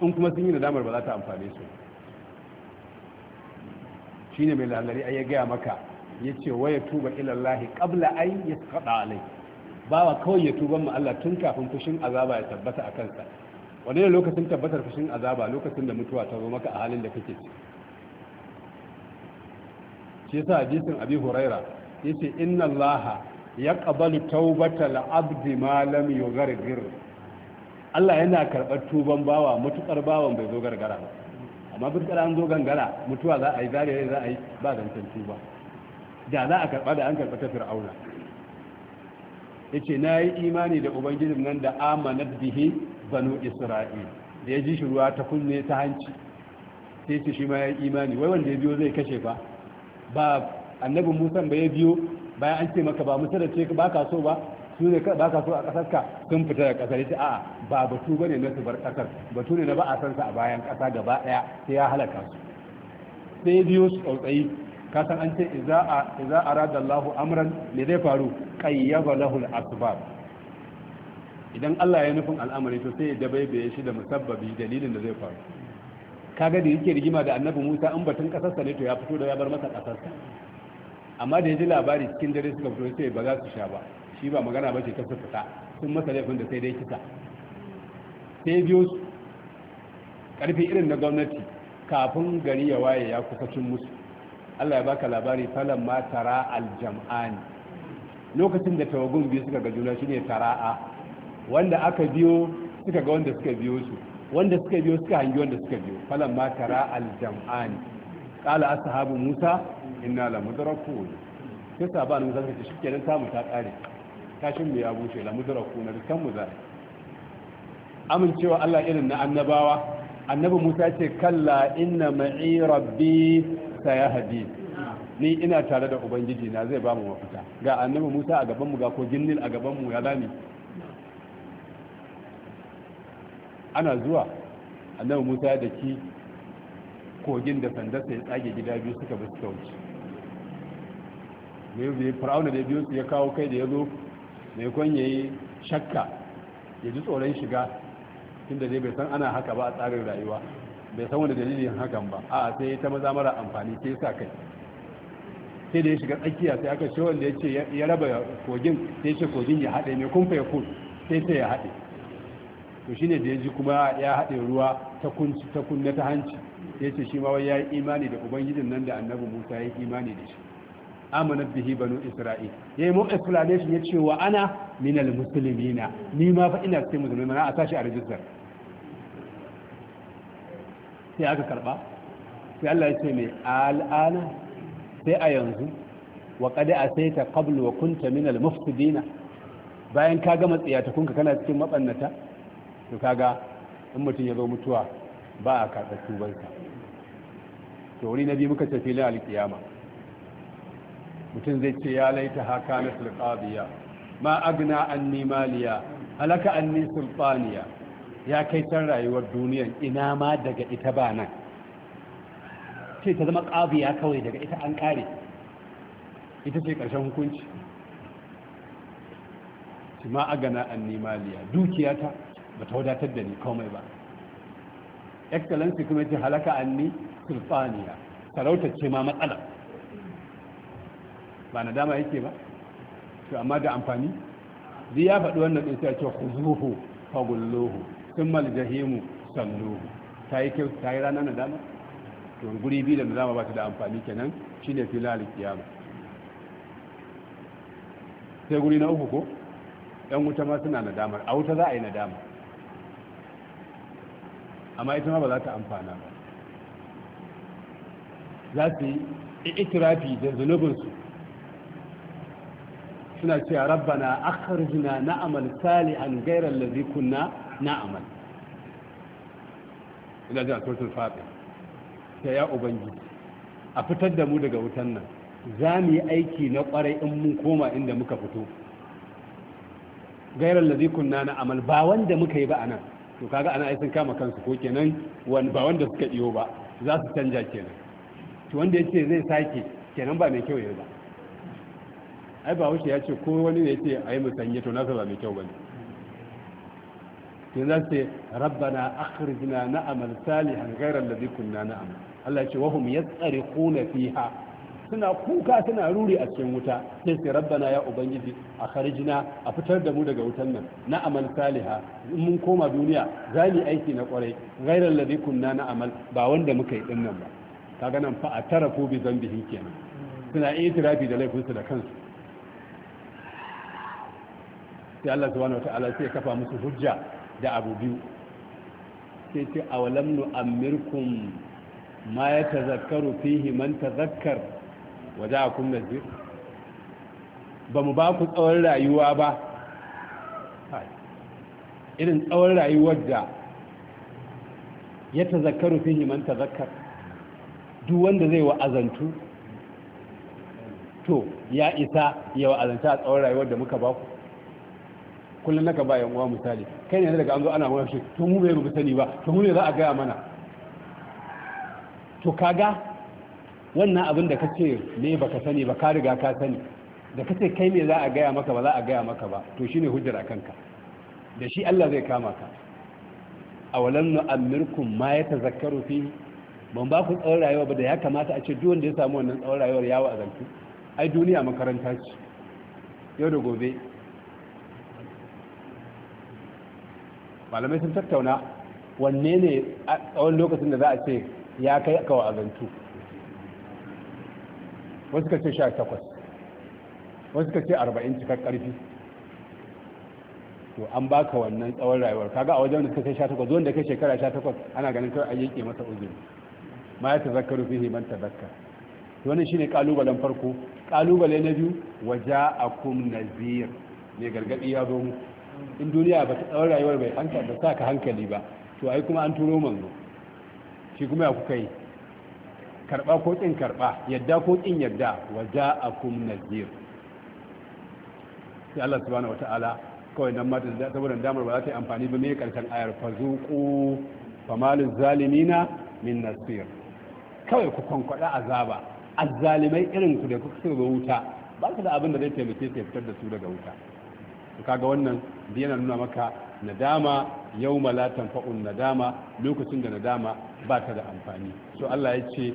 in kuma sun yi nadamar ba za ta amfane su shine mai lalari a ya gaya maka ya yace waya tuba ilallahi Allah ya ay yasqada alai bawa kawai ya tuba mu Allah tun kafin fushin azaba ya tabbata a kansa wani ne lokacin tabbatar fushin azaba lokacin da mutuwa ta zo maka a halin da kake ci shi yasa hadisin abi huraira yace inna allaha yaqbalu tawbatal abdi ma lam yugargir Allah yana karɓar tuban bawa mutukar bawan bai zo gargara ba amma birkira an zo gangara mutuwa za a yi zariya za a yi ba zancen ba da za a karɓa da an karɓa ta fir'auna ya ce na yi imani da ubangijin nan da amanat bihi banu isra'il da ya ji shi ruwa ta kunne ta hanci sai ce shi ma ya yi imani wai wanda ya biyo zai kashe ba ba annabin musan ba ya biyo bayan an ce maka ba musa da ce ba ka so ba su ne kada ka so a ƙasar ka sun fita da kasar ita a ba batu bane na su bar ƙasar batu ne na ba a san sa a bayan kasa gaba daya sai ya halaka su sai biyo su tsautsayi ka san an ce idza a idza arada Allahu amran zai faru qayyaba lahu al-asbab idan Allah ya nufin al'amari to sai ya dabaibaye shi da musabbabi dalilin da zai faru kaga da yake rigima da annabi Musa in batun kasarsa ne to ya fito da ya bar masa kasarsa amma da ya ji labari cikin dare suka fito sai ba za su sha ba shi ba magana ba ce ta kusa sun masa laifin da sai dai kisa sai biyo su karfi irin na gwamnati kafin gari ya waye ya kusa cin musu Allah ya baka labari falon ma tara aljam'ani lokacin da tawagun biyu suka ga juna shine tara'a wanda aka biyo suka ga wanda suka biyo su wanda suka biyo suka hangi wanda suka biyo falon ma tara aljam'ani qala ashabu musa inna la mudrakun sai sabanin musa suka ce shikenan samu ta kare kashin mu ya bushe la mudraku na kan mu za amincewa Allah irin na annabawa annabi Musa ce kalla inna ma'i rabbi sayahdi ni ina tare da ubangiji na zai ba mu mafita ga annabi Musa a gaban mu ga kogin Nil a gaban mu ya zami ana zuwa annabi Musa da ki kogin da sandarsa ya tsage gida biyu suka bi suka wuce da biyu fir'auna da biyu su ya kawo kai da ya zo mai ya yi shakka ya ji tsoron shiga inda dai bai san ana haka ba a tsarin rayuwa bai san wani dalilin hakan ba a sai ta maza mara amfani ke sa kai sai da ya shiga tsakiya sai aka shi wanda ya ce ya raba kogin sai ce kogin ya haɗe mai kumfa ya kun sai sai ya haɗe to shine da ya ji kuma ya haɗe ruwa ta kunci ta kunna ta hanci sai ce shi ma wai ya yi imani da ubangijin nan da annabi musa ya yi imani da shi amanat bihi banu isra'il yayi mu explanation ce wa ana minal muslimina ni ma fa ina cikin musulmi mana a tashi a rijistar sai aka karba sai Allah ya ce mai al'ana sai a yanzu wa qad asaita qabl wa kunta minal mufsidina bayan ka gama tsiyata ka kana cikin matsannata to kaga in mutum ya zo mutuwa ba a karɓar tubansa to wuri na biyu muka ce filin alkiyama mutum zai ce ya laita haka na sulfaniya ma agna an nimaliya halaka ni sulfaniya ya kai san rayuwar duniyan ina ma daga ita ba nan ce ta zama ƙabiya kawai daga ita an kare ita ce ƙarshen hukunci ma agana anni maliya dukiyata ta wadatar da ni komai ba excellency kuma ce halaka ni sulfaniya sarauta ce ma matsala ba na dama yake ba to amma da amfani zai ya faɗi wannan ɗin sai ce khuzuhu fagulluhu thumma aljahimu salluhu ta yi kyau ta yi rana na dama to guri biyu da nadama ba ta da amfani kenan shine filal kiyama sai guri na uku ko yan wuta ma suna nadamar a wuta za a yi nadama amma ita ma ba za ta amfana ba za su yi itirafi da zunubinsu suna cewa rabbana akhrijna na'amal salihan ghayra allazi kunna na'amal. ina ji a suratul fatir ta ya ubangiji a fitar da mu daga wutan nan za mu yi aiki na kwarai in mun koma inda muka fito ghayra allazi kunna na'mal ba wanda muka yi ba anan to kaga ana ai kama kansu ko kenan ba wanda suka iyo ba za su canja kenan to wanda yace zai sake kenan ba mai kyau yi ba ai ba wuce ya ce ko wani ne ce ai musanye to nasa ba mai kyau bane yanzu za ce rabbana akhrijna na'amal salihan ghayra alladhi kunna na'mal Allah ya ce wahum yatsariquna fiha suna kuka suna ruri a cikin wuta sai sai rabbana ya ubangiji a kharijina a fitar da mu daga wutan nan na amal saliha in mun koma duniya za aiki na kwarai ghairal ladhi kunna na'amal ba wanda muka yi dinnan ba kaga nan fa atarafu bi zambihi kenan suna itirafi da laifinsu da kansu sai Allah subhanahu wataala sai kafa musu hujja da abu biyu sai ce awalam nu amirkun ma ya ta tazakkaru fihi man zakar wa ja'akum nazir ba mu ba ku tsawon rayuwa ba irin tsawon rayuwar da ya ta tazakkaru fihi man zakar duk wanda zai wa'azantu to ya isa ya wa'azanta a tsawon rayuwar da muka ba ku kullum naka ba yan uwa misali kai ne daga an zo ana wani shi to mu bai sani ba to mu ne za a gaya mana to kaga wannan abin da kace ne baka sani ba ka riga ka sani da kace kai ne za a gaya maka ba za a gaya maka ba to shine hujjar akan ka da shi Allah zai kama ka awalan nu'ammirkum ma ya tazakkaru fi ban ba ku tsawon rayuwa ba da ya kamata a ce duk wanda ya samu wannan tsawon rayuwar yawo a zanki ai duniya makaranta ce yau da gobe malamai sun tattauna wanne ne a tsawon lokacin da za a ce ya kai aka azantu wasu ka ce sha takwas wasu ka ce arba'in cikar ƙarfi to an baka wannan tsawon rayuwar kaga a wajen da suka kai sha takwas zuwan da kai shekara sha takwas ana ganin kawai an yanke masa uzuri ma ya tazakkaru fihi man tazakka wannan shine kalubalen farko kalubale na biyu waja'akum nazir ne gargadi ya zo muku in duniya ba ta tsawon rayuwar bai hankali ba ka hankali ba to ai kuma an turo manzo shi kuma ya kuka yi karba ko kin karba yadda ko kin yadda wa ja'akum sai Allah subhanahu wataala kawai nan da saboda damar ba za ta yi amfani ba me karshen ayar fazuqu famalu zalimina min nasir kawai ku kwankwada azaba azzalimai irin ku da kuka so wuta ba su da abin da zai taimake su fitar da su daga wuta kaga wannan yana nuna maka nadama yau la tanfa'un nadama lokacin da nadama ba ta da amfani so Allah ya ce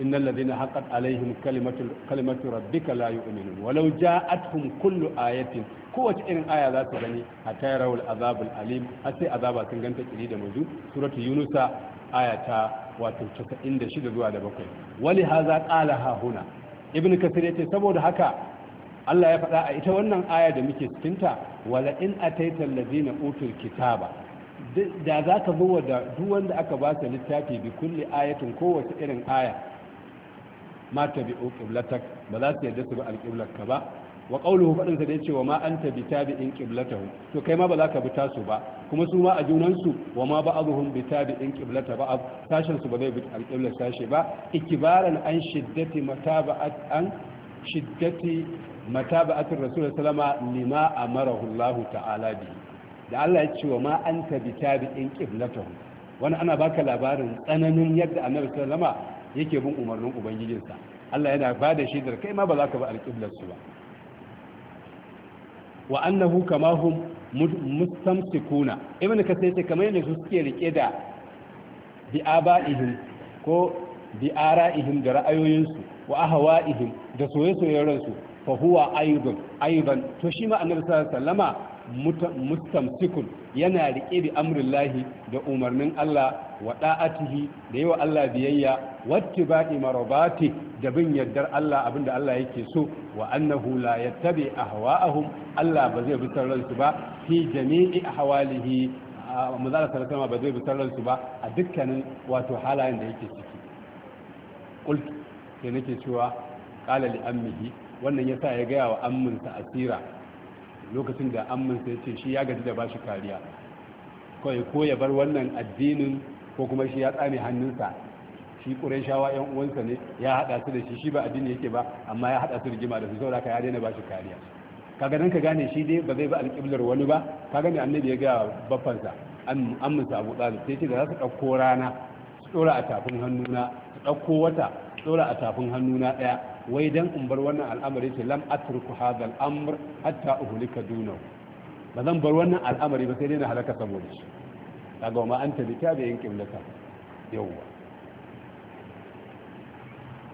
innal ladina haqqat alaihim kalimatu kalimatu rabbika la yu'minun walau ja'atkum kullu ayatin kowace irin aya za su gani hatta yarawul azabul alim har sai azaba sun ganta kiri da muzu suratul yunusa aya ta wato 96 zuwa da 7 wali haza qala ha huna ibn kasir yace saboda haka Allah ya faɗa a ita wannan aya da muke cikinta wala in ataita allazina utul kitaba da za ka zo da duk wanda aka ba ta littafi bi kulli ayatin kowace irin aya ma ta tabi'u qiblatak ba za su yarda su bi ka ba wa qawluhu fadin sa da yace wa ma anta bi tabi'in qiblatahu to kai ma ba za ka bi tasu ba kuma su ma a junan su wa ma ba'dhum bi tabi'in qiblata ba sashin su ba zai bi alqiblar sashi ba ikibaran an shiddati mataba'at an shiddati mataba'atul rasul sallama lima mara Allah ta'ala bi da Allah ya ce wa ma anta bitabi'in qiblatahu wani ana baka labarin tsananin yadda annabi sallama yake bin umarnin ubangijinsa Allah yana ba da shaidar kai ma ba za ka ba alƙiblar su ba wa annahu kama hum mustamsikuna ibn kasai ce kamar yadda su suke rike da bi ko bi da ra'ayoyinsu wa ahwa'ihim da soye ransu fa huwa aidun aidan to shi ma annabi sallallahu alaihi wasallama mustamsikun yana rike bi amrillahi da umarnin Allah wa da'atihi da yawa Allah biyayya wattiba'i marabati da bin yaddar Allah abinda Allah yake so wa annahu la yattabi ahwa'ahum Allah ba zai bi sarransu ba fi jami'i ahwalihi manzala sallallahu ba zai bi sarransu ba a dukkanin wato halayen da yake ciki qult sai nake cewa qala li ammihi wannan ya sa ya gaya wa amminsa asira lokacin da amminsa ya ce shi ya gaji da ba shi kariya kawai ko ya bar wannan addinin ko kuma shi ya tsame hannunsa shi shawa yan uwansa ne ya haɗa su da shi shi ba addini yake ba amma ya haɗa su rigima da su saboda ka ya daina ba shi kariya kaga nan ka gane shi dai ba zai ba alƙiblar wani ba ka gane annabi ya gaya baffansa amminsa abu ɗalib sai ce da za su ɗauko rana su ɗora a tafin hannuna su ɗauko wata su ɗora a tafin hannuna ɗaya wai dan in bar wannan al'amari ce lam atruku hadal al'amr hatta uhlika dunahu ba zan bar wannan al'amari ba sai dai na halaka saboda shi kaga ma anta bitabi'in qiblaka yawwa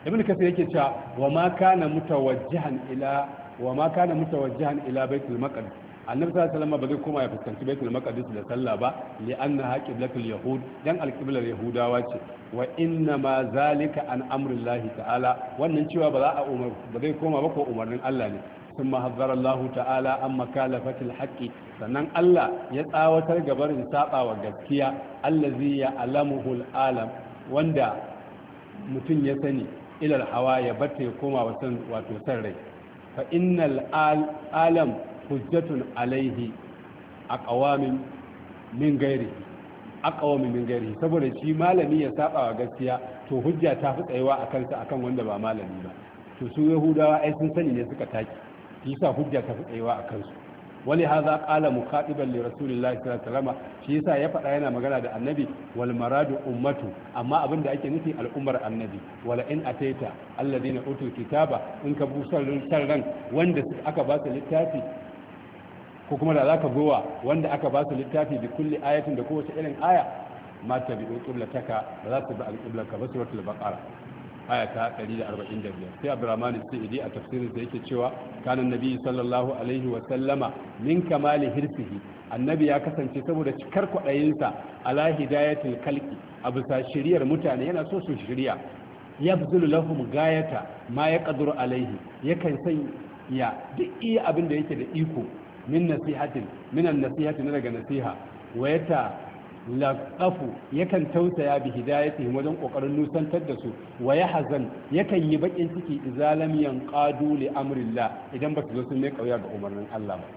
ibn kasir yake cewa wa ma kana mutawajjihan ila wa ma kana mutawajjihan ila baitul maqdis annabi sallallahu alaihi wasallam ba zai koma ya fuskanci baitul maqdis da sallah ba li annaha qiblatul yahud dan alqiblar yahudawa ce wa inna ma zalika an amrillahi ta'ala wannan cewa ba za a umar ba zai koma ba ko umarnin Allah ne ثم حذر الله تعالى عن مكالفة الحق sannan Allah ya tsawatar gabarin saba wa gaskiya allazi ya alamuhul alam wanda mutum ya sani ilal hawa ya batta ya koma wa wato san rai fa innal alam hujjatun alaihi a ƙawamin min gairi a min gairi saboda shi malami ya saba wa gaskiya to hujja ta fi tsayawa a kansa akan wanda ba malami ba to su yahudawa ai sun sani ne suka taki yasa hujja ta fi tsayewa a kansu wani haza ƙala mukhatiban li rasulillahi sallallahu alaihi wasallam shi yasa ya faɗa yana magana da annabi wal maradu ummatu amma abin da ake nufi al'ummar annabi wala in ataita alladina utul kitaba in ka busar ran wanda aka ba su littafi ko kuma da zaka gowa wanda aka ba su littafi da kulli ayatin da kowace irin aya ma ta bi qiblataka ba za su bi al-qiblaka ba suratul baƙara. aya ta 145 sai abdurrahman sa'idi a tafsirin sa yake cewa kana nabi sallallahu alaihi wa sallama min kamali hirsihi annabi ya kasance saboda cikar kwadayinsa ala hidayatul khalqi abu sa shiriyar mutane yana so su shiriya yabzulu lahum gayata ma yaqdiru alaihi yakan san ya duk iya abin da yake da iko min nasihatin minan nasihati na daga nasiha wayata laqafu yakan tausaya bi hidayatihi wajen kokarin nusantar da su wa yahzan yakan yi bakin ciki izalam yanqadu li amrillah idan ba su zo sun ne kauya ga umarnin Allah ba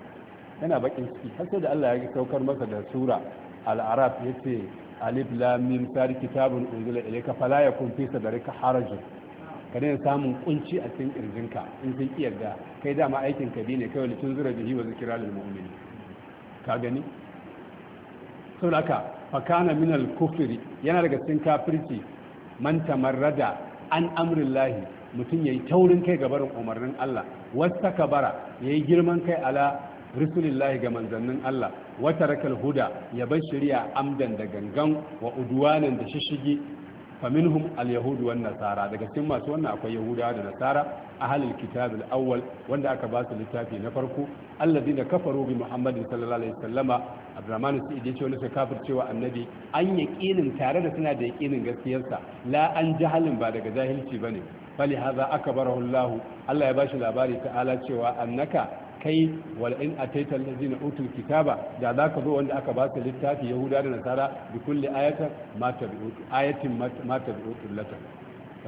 yana bakin ciki har sai da Allah ya saukar masa da sura al-araf yace alif lam mim sar kitabun unzila ilayka fala yakun fi sadrika harajun ka daina samun kunci a cikin ka in sun ki yarda kai dama aikin ka ne kai wani tunzura bihi wa zikira lil mu'mini ka gani saboda da fa kana min al kufri yana daga cikin kafirci man tamarrada an amrillahi mutum yayi taurin kai ga umarnin Allah wasta kabara ya yi girman kai ala rusulillahi ga manzannin Allah wata rakar huda ya bar shirya amdan da gangan wa uduwanan da shishigi faminhum al-yahud wan nasara daga cikin masu wannan akwai yahudawa da nasara ahlul kitab al-awwal wanda aka ba su littafi na farko alladina kafaru bi muhammadin sallallahu alaihi wasallama abdurrahman sai ya ce wani su kafir cewa annabi an yaqinin tare da suna da yaqinin gaskiyarsa la an jahalin ba daga jahilci bane fali hadha akbarahu allah allah ya bashi labari ta'ala cewa annaka kai wal in na zina utul kitaba da za ka zo wanda aka ba su littafi yahuda da nasara bi kulli ayatin ma tabi'u ayatin ma tabi'u latan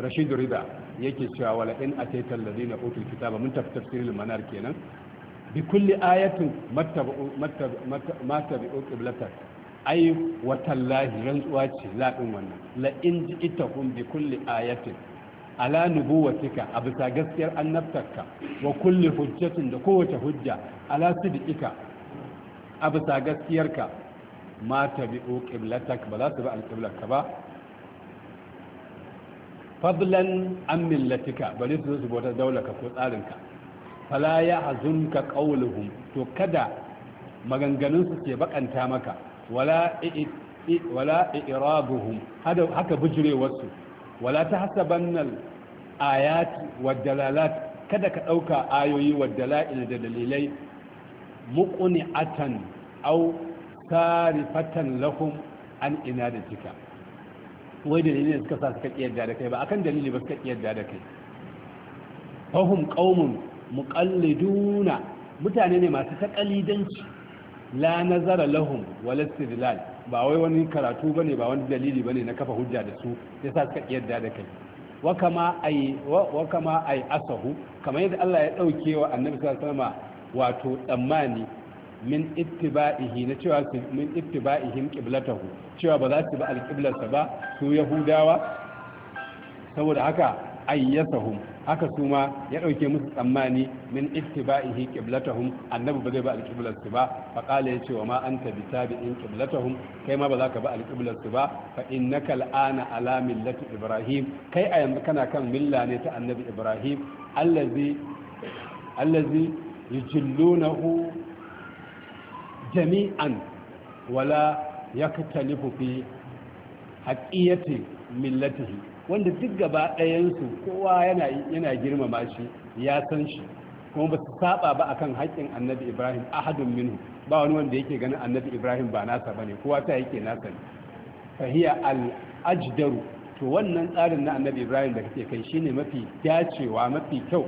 rashid rida yake cewa wal in ataita allazina utul kitaba mun tafi tafsirul manar kenan bi kulli ayatin matabi'u qiblatan ai watallahi rantsuwa ce ladin wannan La'in ji ita kun bi kulli ayatin ala nubuwatika a bisa gaskiyar annabtarka wa kulli hujjatin da kowace hujja ala sidika a bisa gaskiyarka ma tabi'u qiblatak ba za su bi alqiblarka ba fadlan an millatika bari su su bautar daularka ko tsarinka fala ya hazunka qauluhum to kada maganganun su ke bakanta maka wala wala irabuhum haka bujurewarsu wala ta tahsabannal ayati wad dalalat kada ka ɗauka ayoyi wad dalail da dalilai muqni'atan aw tarifatan lahum an ina inadatika wai dalilin suka sa suka kiyarda da kai ba akan dalili ba suka kiyarda da kai fahum qaumun muqalliduna mutane ne masu takalidanci la nazara lahum wal istidlal ba wai wani karatu bane ba wani dalili bane na kafa hujja da su sa suka yarda da kai wa kama ai wa kama ai asahu kamar yadda Allah ya dauke wa annabi sallallahu alaihi wasallam wato tsammani min ittiba'ihi na cewa min ittiba'ihim qiblatahu cewa ba za su ba alqiblarsa ba su yahudawa saboda haka ayyasahum haka su ma ya ɗauke musu tsammani min ittiba'ihi qiblatahum annabi ba zai ba alqiblar su ba fa qala yace wa ma anta bitabi'in qiblatahum kai ma ba za ka ba alqiblar su ba fa innaka al'ana ala millati ibrahim kai a yanzu kana kan milla ne ta annabi ibrahim allazi allazi yujillunahu jami'an wala yaktalifu fi haqiyati millatihi wanda duk gaba ɗayansu kowa yana girmama shi ya san shi kuma ba su saba ba akan haƙƙin annabi ibrahim ahadun minhu ba wani wanda yake ganin annabi ibrahim ba nasa bane kowa ta yake nasa ne fahiya al ajdaru to wannan tsarin na annabi ibrahim da kake kai shine mafi dacewa mafi kyau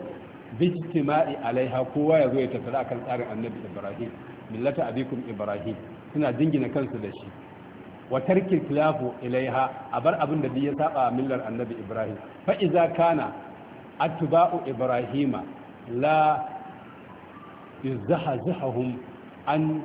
bijtima'i alaiha kowa ya zo ya tafi akan tsarin annabi ibrahim millata abikum ibrahim suna jingina kansu da shi wa tarkil ilaiha a bar abin da ya saba millar annabi ibrahim fa iza kana atba'u ibrahima la zahahum an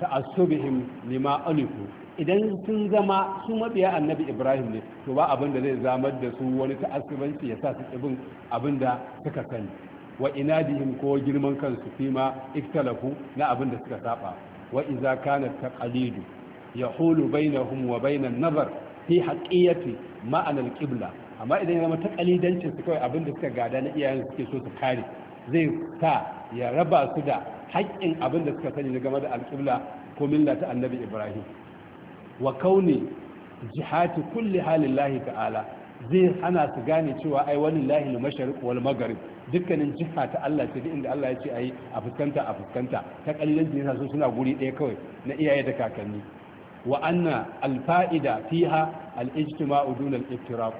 ta'assubihim lima alifu idan sun zama su mabiya annabi ibrahim ne to ba abin da zai zamar da su wani ta'assubanci ya sa su ibin abin da suka sani wa inadihim ko girman kansu fima iktalafu na abin da suka saba wa iza kana taqalidu yahulu bainahum wa na nazar fi haqqiyati ma'anar ƙibla, amma idan ya zama ta kalidancin su kawai abin da suka gada na iyayen suke so su kare zai sa ya raba su da haƙƙin abin da suka sani na game da alƙibla ko milla ta annabi ibrahim wa kauni jihati kulli lahi ta'ala zai hana su gane cewa ai lahi na mashariq wal maghrib dukkanin jiha ta Allah ce inda Allah ya ce ai a fuskanta a fuskanta ta kalilan ne so suna guri ɗaya kawai na iyaye da kakanni wa anna alfa'ida fiha al-ijtima'u dun al-iftiraq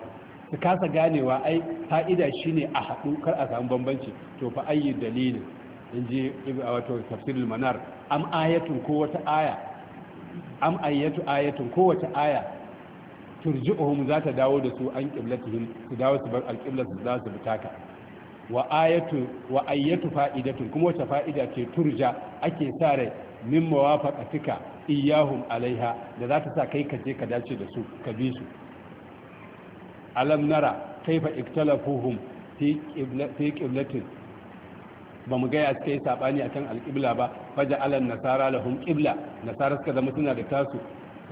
kasa ganewa ai fa'ida shine a haɗu kar a samu bambanci to fa ayi dalilin in ji wato tafsirul manar am ayatun ko wata aya am ayatu ayatun ko wata aya turji'uhum za ta dawo da su an qiblatihim su dawo su bar al su za su bitaka wa ayatu wa ayatu fa'idatun kuma wata fa'ida ce turja ake sa rai min mawafaqatika iyahum alaiha da za ta sa kai ka je ka dace da su ka bi su alam nara kaifa iktalafuhum fi qiblati ba mu gaya suka yi saɓani a kan alƙibla ba faja alan nasara lahum ƙibla nasara suka zama suna da tasu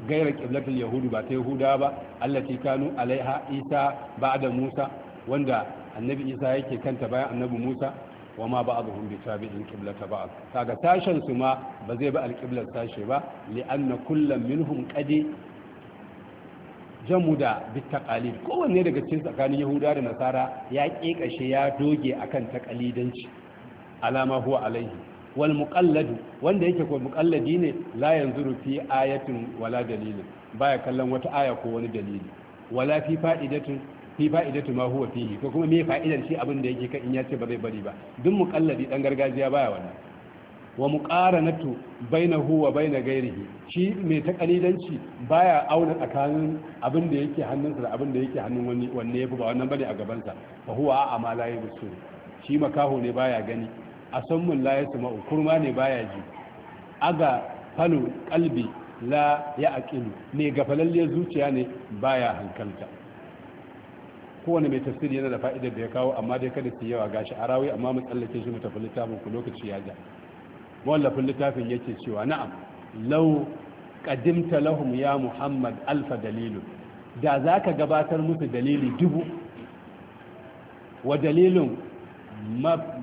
gairar ƙiblatul yahudu ba ta yahuda ba allati kanu alaiha isa ba da musa wanda annabi isa yake kanta bayan annabi musa wa ma ba'dhum bi tabi'in qiblata ba'd kaga tashin su ma ba zai ba alqiblar sashe ba li'anna kullam minhum qadi jamuda bi taqalid kowanne daga cikin tsakanin yahuda da nasara ya kekashe ya doge akan takalidanci. alama huwa alaihi wal wanda yake ko muqalladi ne la yanzuru fi ayatin wala dalilin baya kallon wata aya ko wani dalili wala fi fa'idatin fi fa'idatu ma huwa fihi ko kuma me fa'idan shi abin yake kan in ya ce ba zai bari ba duk muqalladi dan gargajiya baya wannan wa muqaranatu bainahu wa na ghairihi shi mai ta kalidanci baya auna tsakanin abin da yake hannunsa da abin da yake hannun wani wanne yafi ba wannan bane a gaban sa fa huwa a'ma la musu shi makaho ne baya gani A mun la yasma'u kurma ne baya ji aga falu kalbi la ya'qilu ne gafalalle zuciya ne baya hankalta kowane mai tafsiri yana da fa'idar da ya kawo amma dai kada su yawa gashi a rawi amma mu tsallake shi mu tafi littafin ku lokaci ya ja wallafin littafin yake cewa na'am lau qadimta lahum ya muhammad alfa dalilu da zaka gabatar musu dalili dubu wa dalilun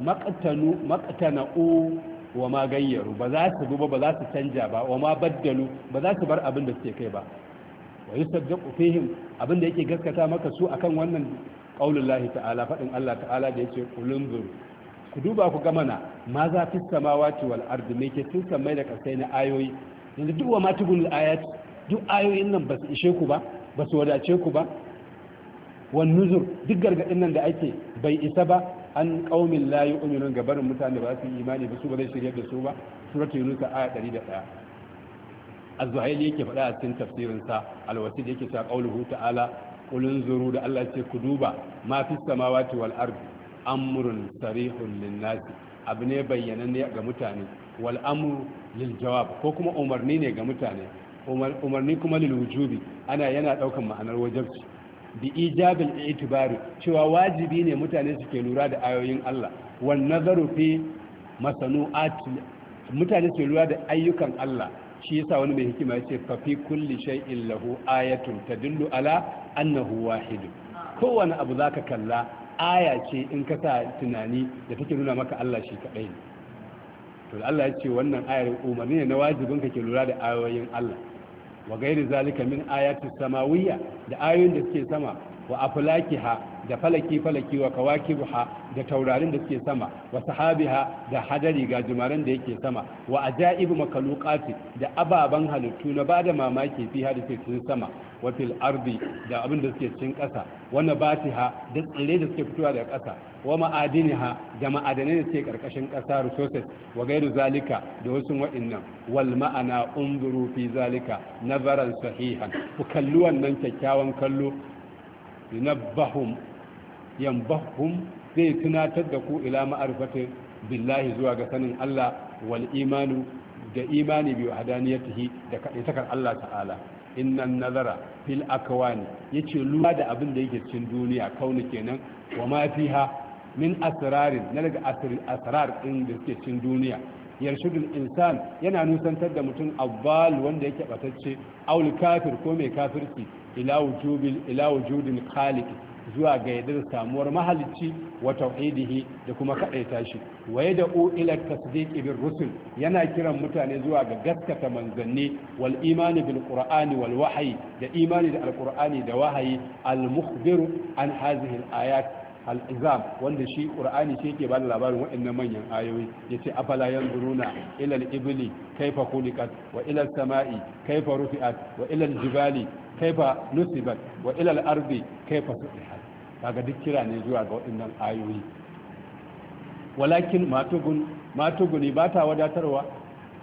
maqtanu wa ma gayyaru ba za su duba ba za su canja ba wa ma baddalu ba za su bar abin da suke kai ba wa yusaddaqu fihim abinda yake gaskata maka su akan wannan qaulullahi ta'ala fadin Allah ta'ala da yake kulunzur ku duba ku ga mana ma za fi samawati wal ardi me ke tun samai da kasai na ayoyi yanzu duk wa matubul ayat duk ayoyin nan ba su ishe ku ba ba su wadace ku ba wan nuzur duk gargadin nan da ake bai isa ba an qaumin la yu'minun gabarin mutane ba su imani ba su ba zai shirye da su ba suratul yunus aya 101 az-zuhaili yake faɗa a cikin tafsirin sa al wasil yake cewa qauluhu ta'ala qulun zuru da Allah ce ku duba ma fi samawati wal ardi amrun sarihun lin-nas abu ne bayyananne ga mutane wal amru lil jawab ko kuma umarni ne ga mutane umarni kuma lil wujubi ana yana daukan ma'anar wajibci bi ijabil itibari cewa wajibi ne mutane suke lura da ayoyin Allah wan nazaru fi masanu'at mutane suke lura da ayyukan Allah shi yasa wani mai hikima ya ce fi kulli shay'in lahu ayatun tadullu ala annahu wahid kowane abu zaka kalla aya ce in ka sa tunani da take nuna maka Allah shi kadai ne to Allah ya ce wannan ayar umarni ne na wajibin ka ke lura da ayoyin Allah wa gairi zalika min ayati samawiyya da ayoyin da suke sama wa aflakiha da falaki falaki wa kawakibuha da taurarin da suke sama wa sahabiha da hadari ga jumaren da yake sama wa ajaibu makalukati da ababan halittu na bada mamaki fi da cikin sama wa fil ardi da abin da suke cikin ƙasa wa nabatiha da tsire da suke fitowa daga ƙasa wa ma'adiniha da ma'adanai da suke karkashin ƙasa resources wa gairu zalika da wasu waɗannan wal ma'ana unzuru fi zalika nazaran sahihan ku kalli wannan kyakkyawan kallo yunabbahum yambahum zai tunatar da ku ila ma'arifatin billahi zuwa ga sanin Allah wal imanu da imani bi wahdaniyatihi da kadaitakar Allah ta'ala innan nazara fil akwani yace lura da abin da yake cikin duniya kauni kenan wa ma fiha min asrarin na daga asrar din da suke cikin duniya yarshudul insan yana nusantar da mutum abbal wanda yake batacce aul kafir ko mai kafirci ila wujudin khaliq zuwa ga yadda samuwar mahalicci wa tauhidihi da kuma kadaita shi wa yad'u ila tasdiqi bir rusul yana kiran mutane zuwa ga gaskata manzanni wal imani bil qur'ani wal wahyi da imani da alqur'ani da wahayi al mukhbiru an hadhihi al ayat Al'izam wanda shi ƙur'ani shi ke ba da labarin waɗannan manyan ayoyi ya afala yanzuruna buruna, ilal ibili, kaifa kulikat wa samai kaifa rufi'at wa ila jibali kaifa nusibat wa ila al-ardi kaifa sutihat duk kira ne zuwa ga waɗannan ayoyi walakin matugun matuguni ba ta wadatarwa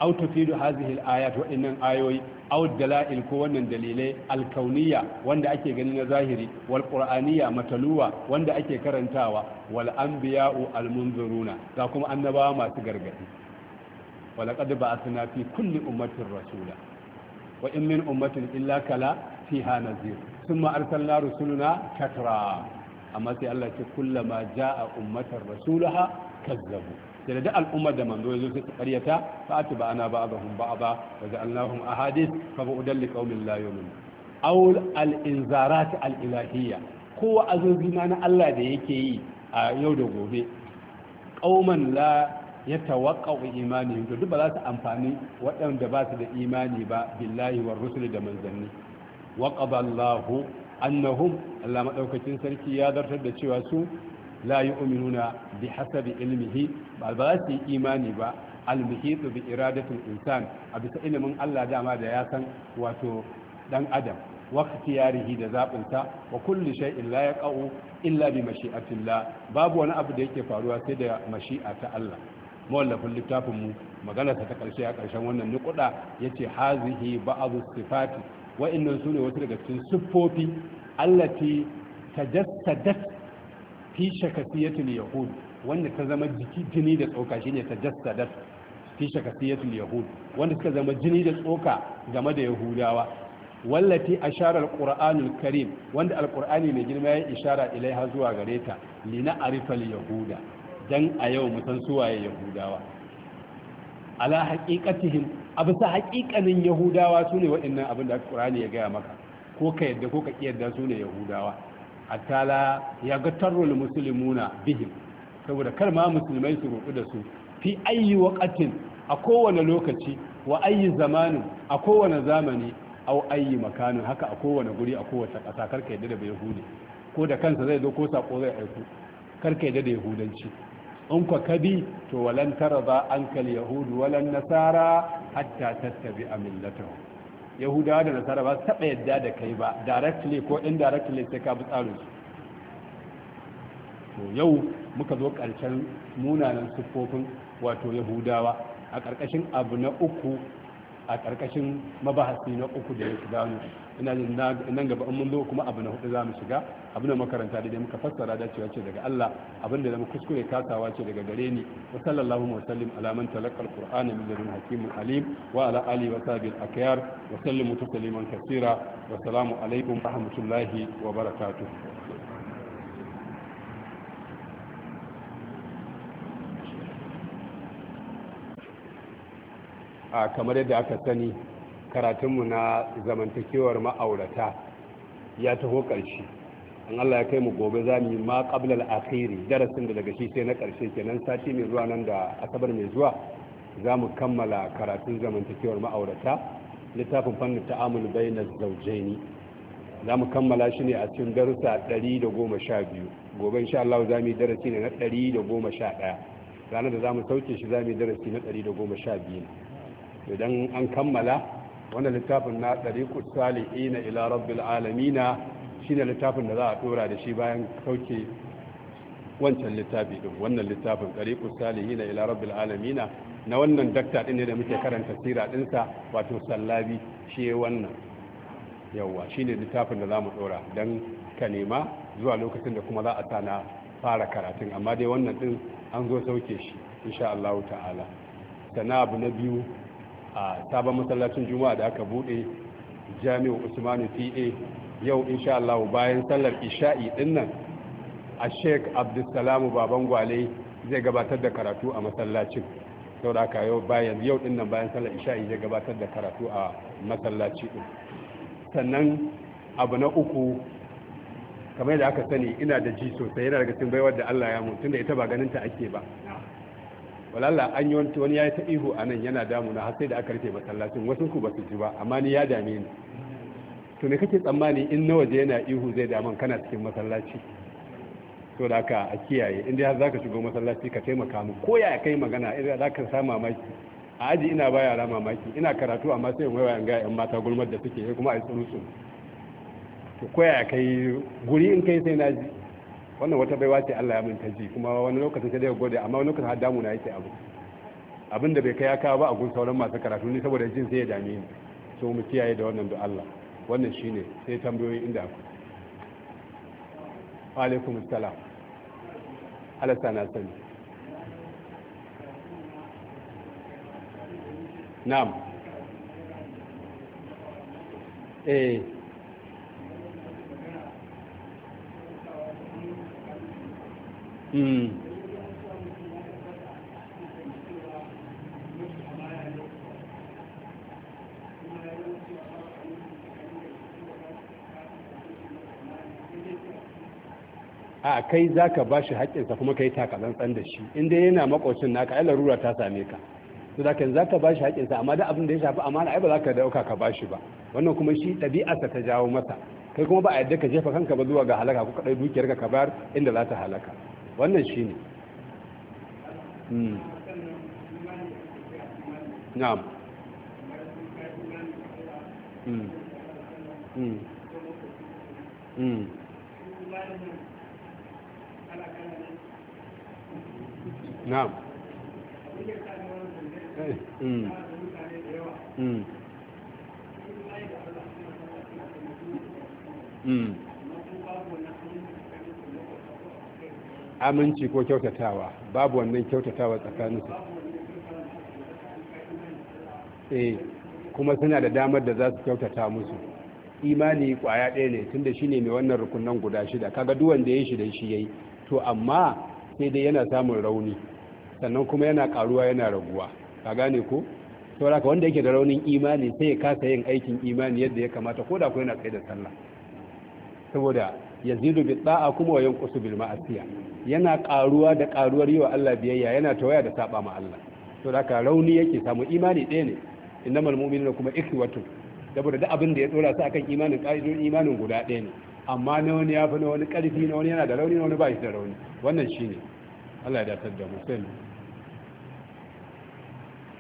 aw tufidu hadhihi al-ayat wa innan ayoyi aw dalail ko wannan dalilai alkauniya wanda ake gani na zahiri wal qur'aniya mataluwa wanda ake karantawa wal anbiya'u al munzuruna ga kuma annabawa masu gargadi wa laqad ba'athna fi kulli ummatin rasula wa in min ummatin illa kala fiha nazir thumma arsalna rusuluna katra amma sai Allah ya ce kullama ja'a ummatan rasulaha kazzabu sai da al'ummar da manzo zo suka karyata fa atba ana ba'dahum ba, wa ja'alnahum ahadith fa ba'udal liqaumin la yu'min aw al-inzarat al-ilahiyya ko azuzina na Allah da yake yi a yau da gobe qauman la yatawaqqa'u imanihim to duk ba za su amfani waɗanda ba su da imani ba billahi war rusuli da manzanni wa qada Allahu annahum Allah madaukakin sarki ya zartar da cewa su la yu'minuna bi hasabi ilmihi ba za su imani ba almuhitu bi iradatul insan a bisa ilimin Allah dama da ya san wato dan adam wa ikhtiyarihi da zabinta wa kulli shay'in la yaqa'u illa bi mashi'atillah babu wani abu da yake faruwa sai da mashi'a ta Allah mawallafin littafin mu magana ta ta karshe a karshen wannan nukuda yace hazihi ba'dhu sifati wa innan sune wasu daga cikin siffofi allati tajassadat fi shakasiyatul yahud wanda ta zama jini da tsoka shine ta jassadat fi shakasiyatul yahud wanda suka zama jini da tsoka game da yahudawa wallati ashara alqur'anul karim wanda alqur'ani mai girma ya ishara ilaiha zuwa gare ta lina arifal yahuda dan a yau mu san suwaye yahudawa ala haqiqatihim abisa haqiqanin yahudawa sune waɗannan abin da alqur'ani ya gaya maka ko ka yadda ko ka kiyarda sune yahudawa atala ya ga tarrul musulmuna bihim saboda kar ma musulmai su rubu da su fi ayi waqatin a kowane lokaci wa ayi zamanin a kowane zamani au ayi makanin haka a kowane guri a kowace ƙasa karka yadda da yahudi ko da kansa zai zo ko sako zai aiko karka yadda da yahudanci in ka kabi to walan tarza ankal yahudu walan nasara hatta tattabi millatahu yahudawa da nasara ba su taɓa yadda da kai ba directly ko indirectly sai ka bi tsarin su to yau muka zo ƙarshen munanan siffofin wato yahudawa a ƙarƙashin abu na uku a ƙarƙashin mabahasi na uku da ya gano ina jin nan gaba in mun zo kuma abu na hudu za mu shiga abu na makaranta da muka fassara dacewa ce daga Allah abin da zama kuskure kasawa ce daga gare ni wa sallallahu wa sallim ala man talaqa alqur'ana min ladun hakimin alim wa ala ali wa sahbihi alakyar wa sallimu tasliman katsira wa salamu alaikum wa rahmatullahi wa barakatuh a kamar yadda aka sani karatunmu na zamantakewar ma'aurata ya taho ƙarshe an Allah ya kai mu gobe za mu yi ma ƙablal akhiri darasin da daga shi sai na ƙarshe kenan sati mai zuwa nan da asabar mai zuwa za mu kammala karatun zamantakewar ma'aurata littafin fannin ta'amul bainaz zaujeni za mu kammala shi ne a cikin darussa 112 gobe insha Allah za mu yi darasi ne na 111 ranar da za mu sauke shi za mu yi darasi na 112 idan an kammala wannan littafin na ɗariƙus na ila rabbil alamina shine littafin da za a ɗora da shi bayan sauke wancan littafi ɗin wannan littafin ɗariƙus na ila rabbil alamina na wannan dakta ɗin ne da muke karanta sira ɗinsa wato sallabi shi wannan yawwa shine littafin da za mu ɗora don ka nema zuwa lokacin da kuma za a sa na fara karatun amma dai wannan ɗin an zo sauke shi insha Allah ta'ala sana abu na biyu a sabon masallacin juma'a da aka bude jami'u usmanu ta yau insha Allah bayan sallar isha'i dinnan a sheik abdulsalamu baban gwale zai gabatar da karatu a masallacin sau da aka yau bayan yau dinnan bayan sallar isha'i zai gabatar da karatu a masallaci din sannan abu na uku kamar da aka sani ina da ji sosai yana daga cikin baiwar da Allah ya mutu da ita ba ganin ta ake ba walalla an yi wani ya yi ta ihu a nan yana damuna har sai da aka rufe masallacin wasu ku ba su ji ba amma ni ya dame ni to ne kake tsammani in na waje yana ihu zai daman kana cikin masallaci to da ka a kiyaye in dai har zaka shigo masallaci ka taimaka mu ko ya kai magana idan eh, za ka sa mamaki a aji ina ba yara mamaki ina karatu amma sai in waiwa ga yan mata gulmar da suke kuma a yi tsuru to ko ya kai guri in kai sai na ji wannan wata baiwa ce Allah ya min ta ji kuma wani lokacin sai da gode amma wani lokacin har damuna yake abu abin da bai kai ya kawo ba a gun sauran masu karatu ni saboda jin sai ya dame ni so mu kiyaye da wannan da Allah wannan shine sai tambayoyi inda aku wa alaikum assalam Allah sana sani na'am eh a kai za ka ba shi haƙƙinsa kuma ka yi takalan da shi inda yana makwacin naka ai larura ta same ka to da za ka ba shi haƙƙinsa amma da abin da ya shafi amma ai ba za ka dauka ka ba shi ba wannan kuma shi ɗabi'arsa ta jawo mata, kai kuma ba a yadda ka jefa kanka ba zuwa ga halaka ko kaɗai dukiyar dukiyarka ka bayar inda za ta halaka wannan shi ne hmm. na'am hmm. Hmm. na'am Mm. aminci ko kyautatawa babu wannan kyautatawa tsakaninsu eh kuma suna da damar da za su kyautata musu imani kwaya ɗaya ne tunda shi ne mai wannan rukunan guda shida kaga duwan da ya shi da shi yayi to amma sai dai yana samun rauni sannan kuma yana karuwa yana raguwa ka gane ko sauraka wanda yake da raunin imani sai ya kasa yin aikin imani yadda ya kamata ko da ko yana tsaye da sallah saboda yazidu bi da'a kuma wa yanqusu bil ma'asiya yana karuwa da karuwar yi wa Allah biyayya yana tawaya da saba ma Allah to da ka rauni yake samu imani ɗaya ne innamal mu'minuna kuma ikhwatu saboda duk abin da ya dora su akan imanin qa'idun imanin guda ɗaya ne amma na wani ya fi na wani ƙarfi na wani yana da rauni na wani ba shi da rauni wannan shine Allah ya dace da mu sai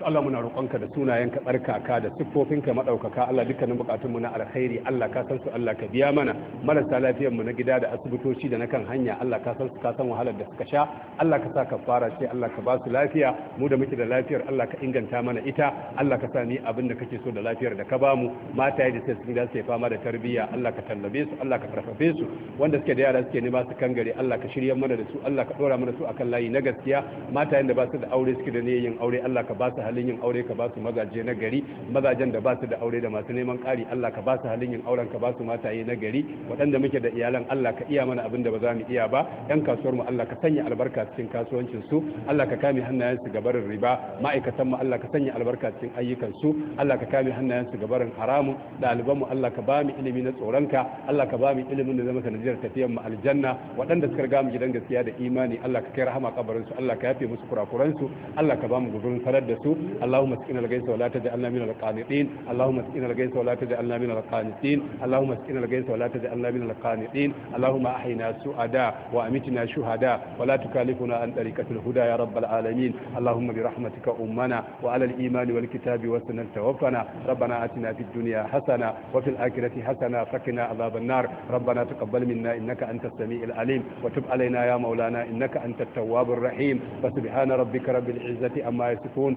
Allah muna roƙonka da sunayenka tsarkaka da ka madaukaka Allah dukkanin mu na alkhairi Allah ka san su Allah ka biya mana marasa lafiyar mu na gida da asibitoci da na kan hanya Allah ka san su ka san wahalar da suka sha Allah ka sa ka fara ce Allah ka ba su lafiya mu da muke da lafiyar Allah ka inganta mana ita Allah ka sa ni abin da kake so da lafiyar da ka ba mu mata da sai sun dace fama da tarbiyya Allah ka tallabe su Allah ka karfafe su wanda suke da yara suke ne ba su kangare Allah ka shirya mana da su Allah ka dora mana su akan layi na gaskiya mata da ba su da aure suke da ne yin aure Allah ka ba su halin yin aure ka ba su mazaje na gari mazajen da ba su da aure da masu neman ƙari Allah ka ba su halin yin auren ka ba su mataye na gari waɗanda muke da iyalan Allah ka iya mana abin da ba za mu iya ba yan kasuwar mu Allah ka sanya albarka cikin kasuwancin su Allah ka kame hannayen su gabarin riba ma'aikatan mu Allah ka sanya albarka cikin ayyukan su Allah ka kame hannayen su gabarin haramun ɗaliban mu Allah ka ba mu ilimi na tsoronka Allah ka ba mu ilimin da zama sanadiyar tafiyar mu aljanna waɗanda suka riga mu gidan gaskiya da imani Allah ka kai rahama kabarin su Allah ka yafe musu kurakuran su Allah ka ba mu gudun sanar da su اللهم اسقنا الغيث ولا تجعلنا من القانطين اللهم اسقنا الغيث ولا تجعلنا من القانطين اللهم اسقنا الغيث ولا تجعلنا من القانطين اللهم احينا سعداء وامتنا شهداء ولا تكلفنا عن طريقه الهدى يا رب العالمين اللهم برحمتك امنا وعلى الايمان والكتاب والسنه توفنا ربنا اتنا في الدنيا حسنه وفي الاخره حسنه فقنا عذاب النار ربنا تقبل منا انك انت السميع العليم وتب علينا يا مولانا انك انت التواب الرحيم فسبحان ربك رب العزه عما يصفون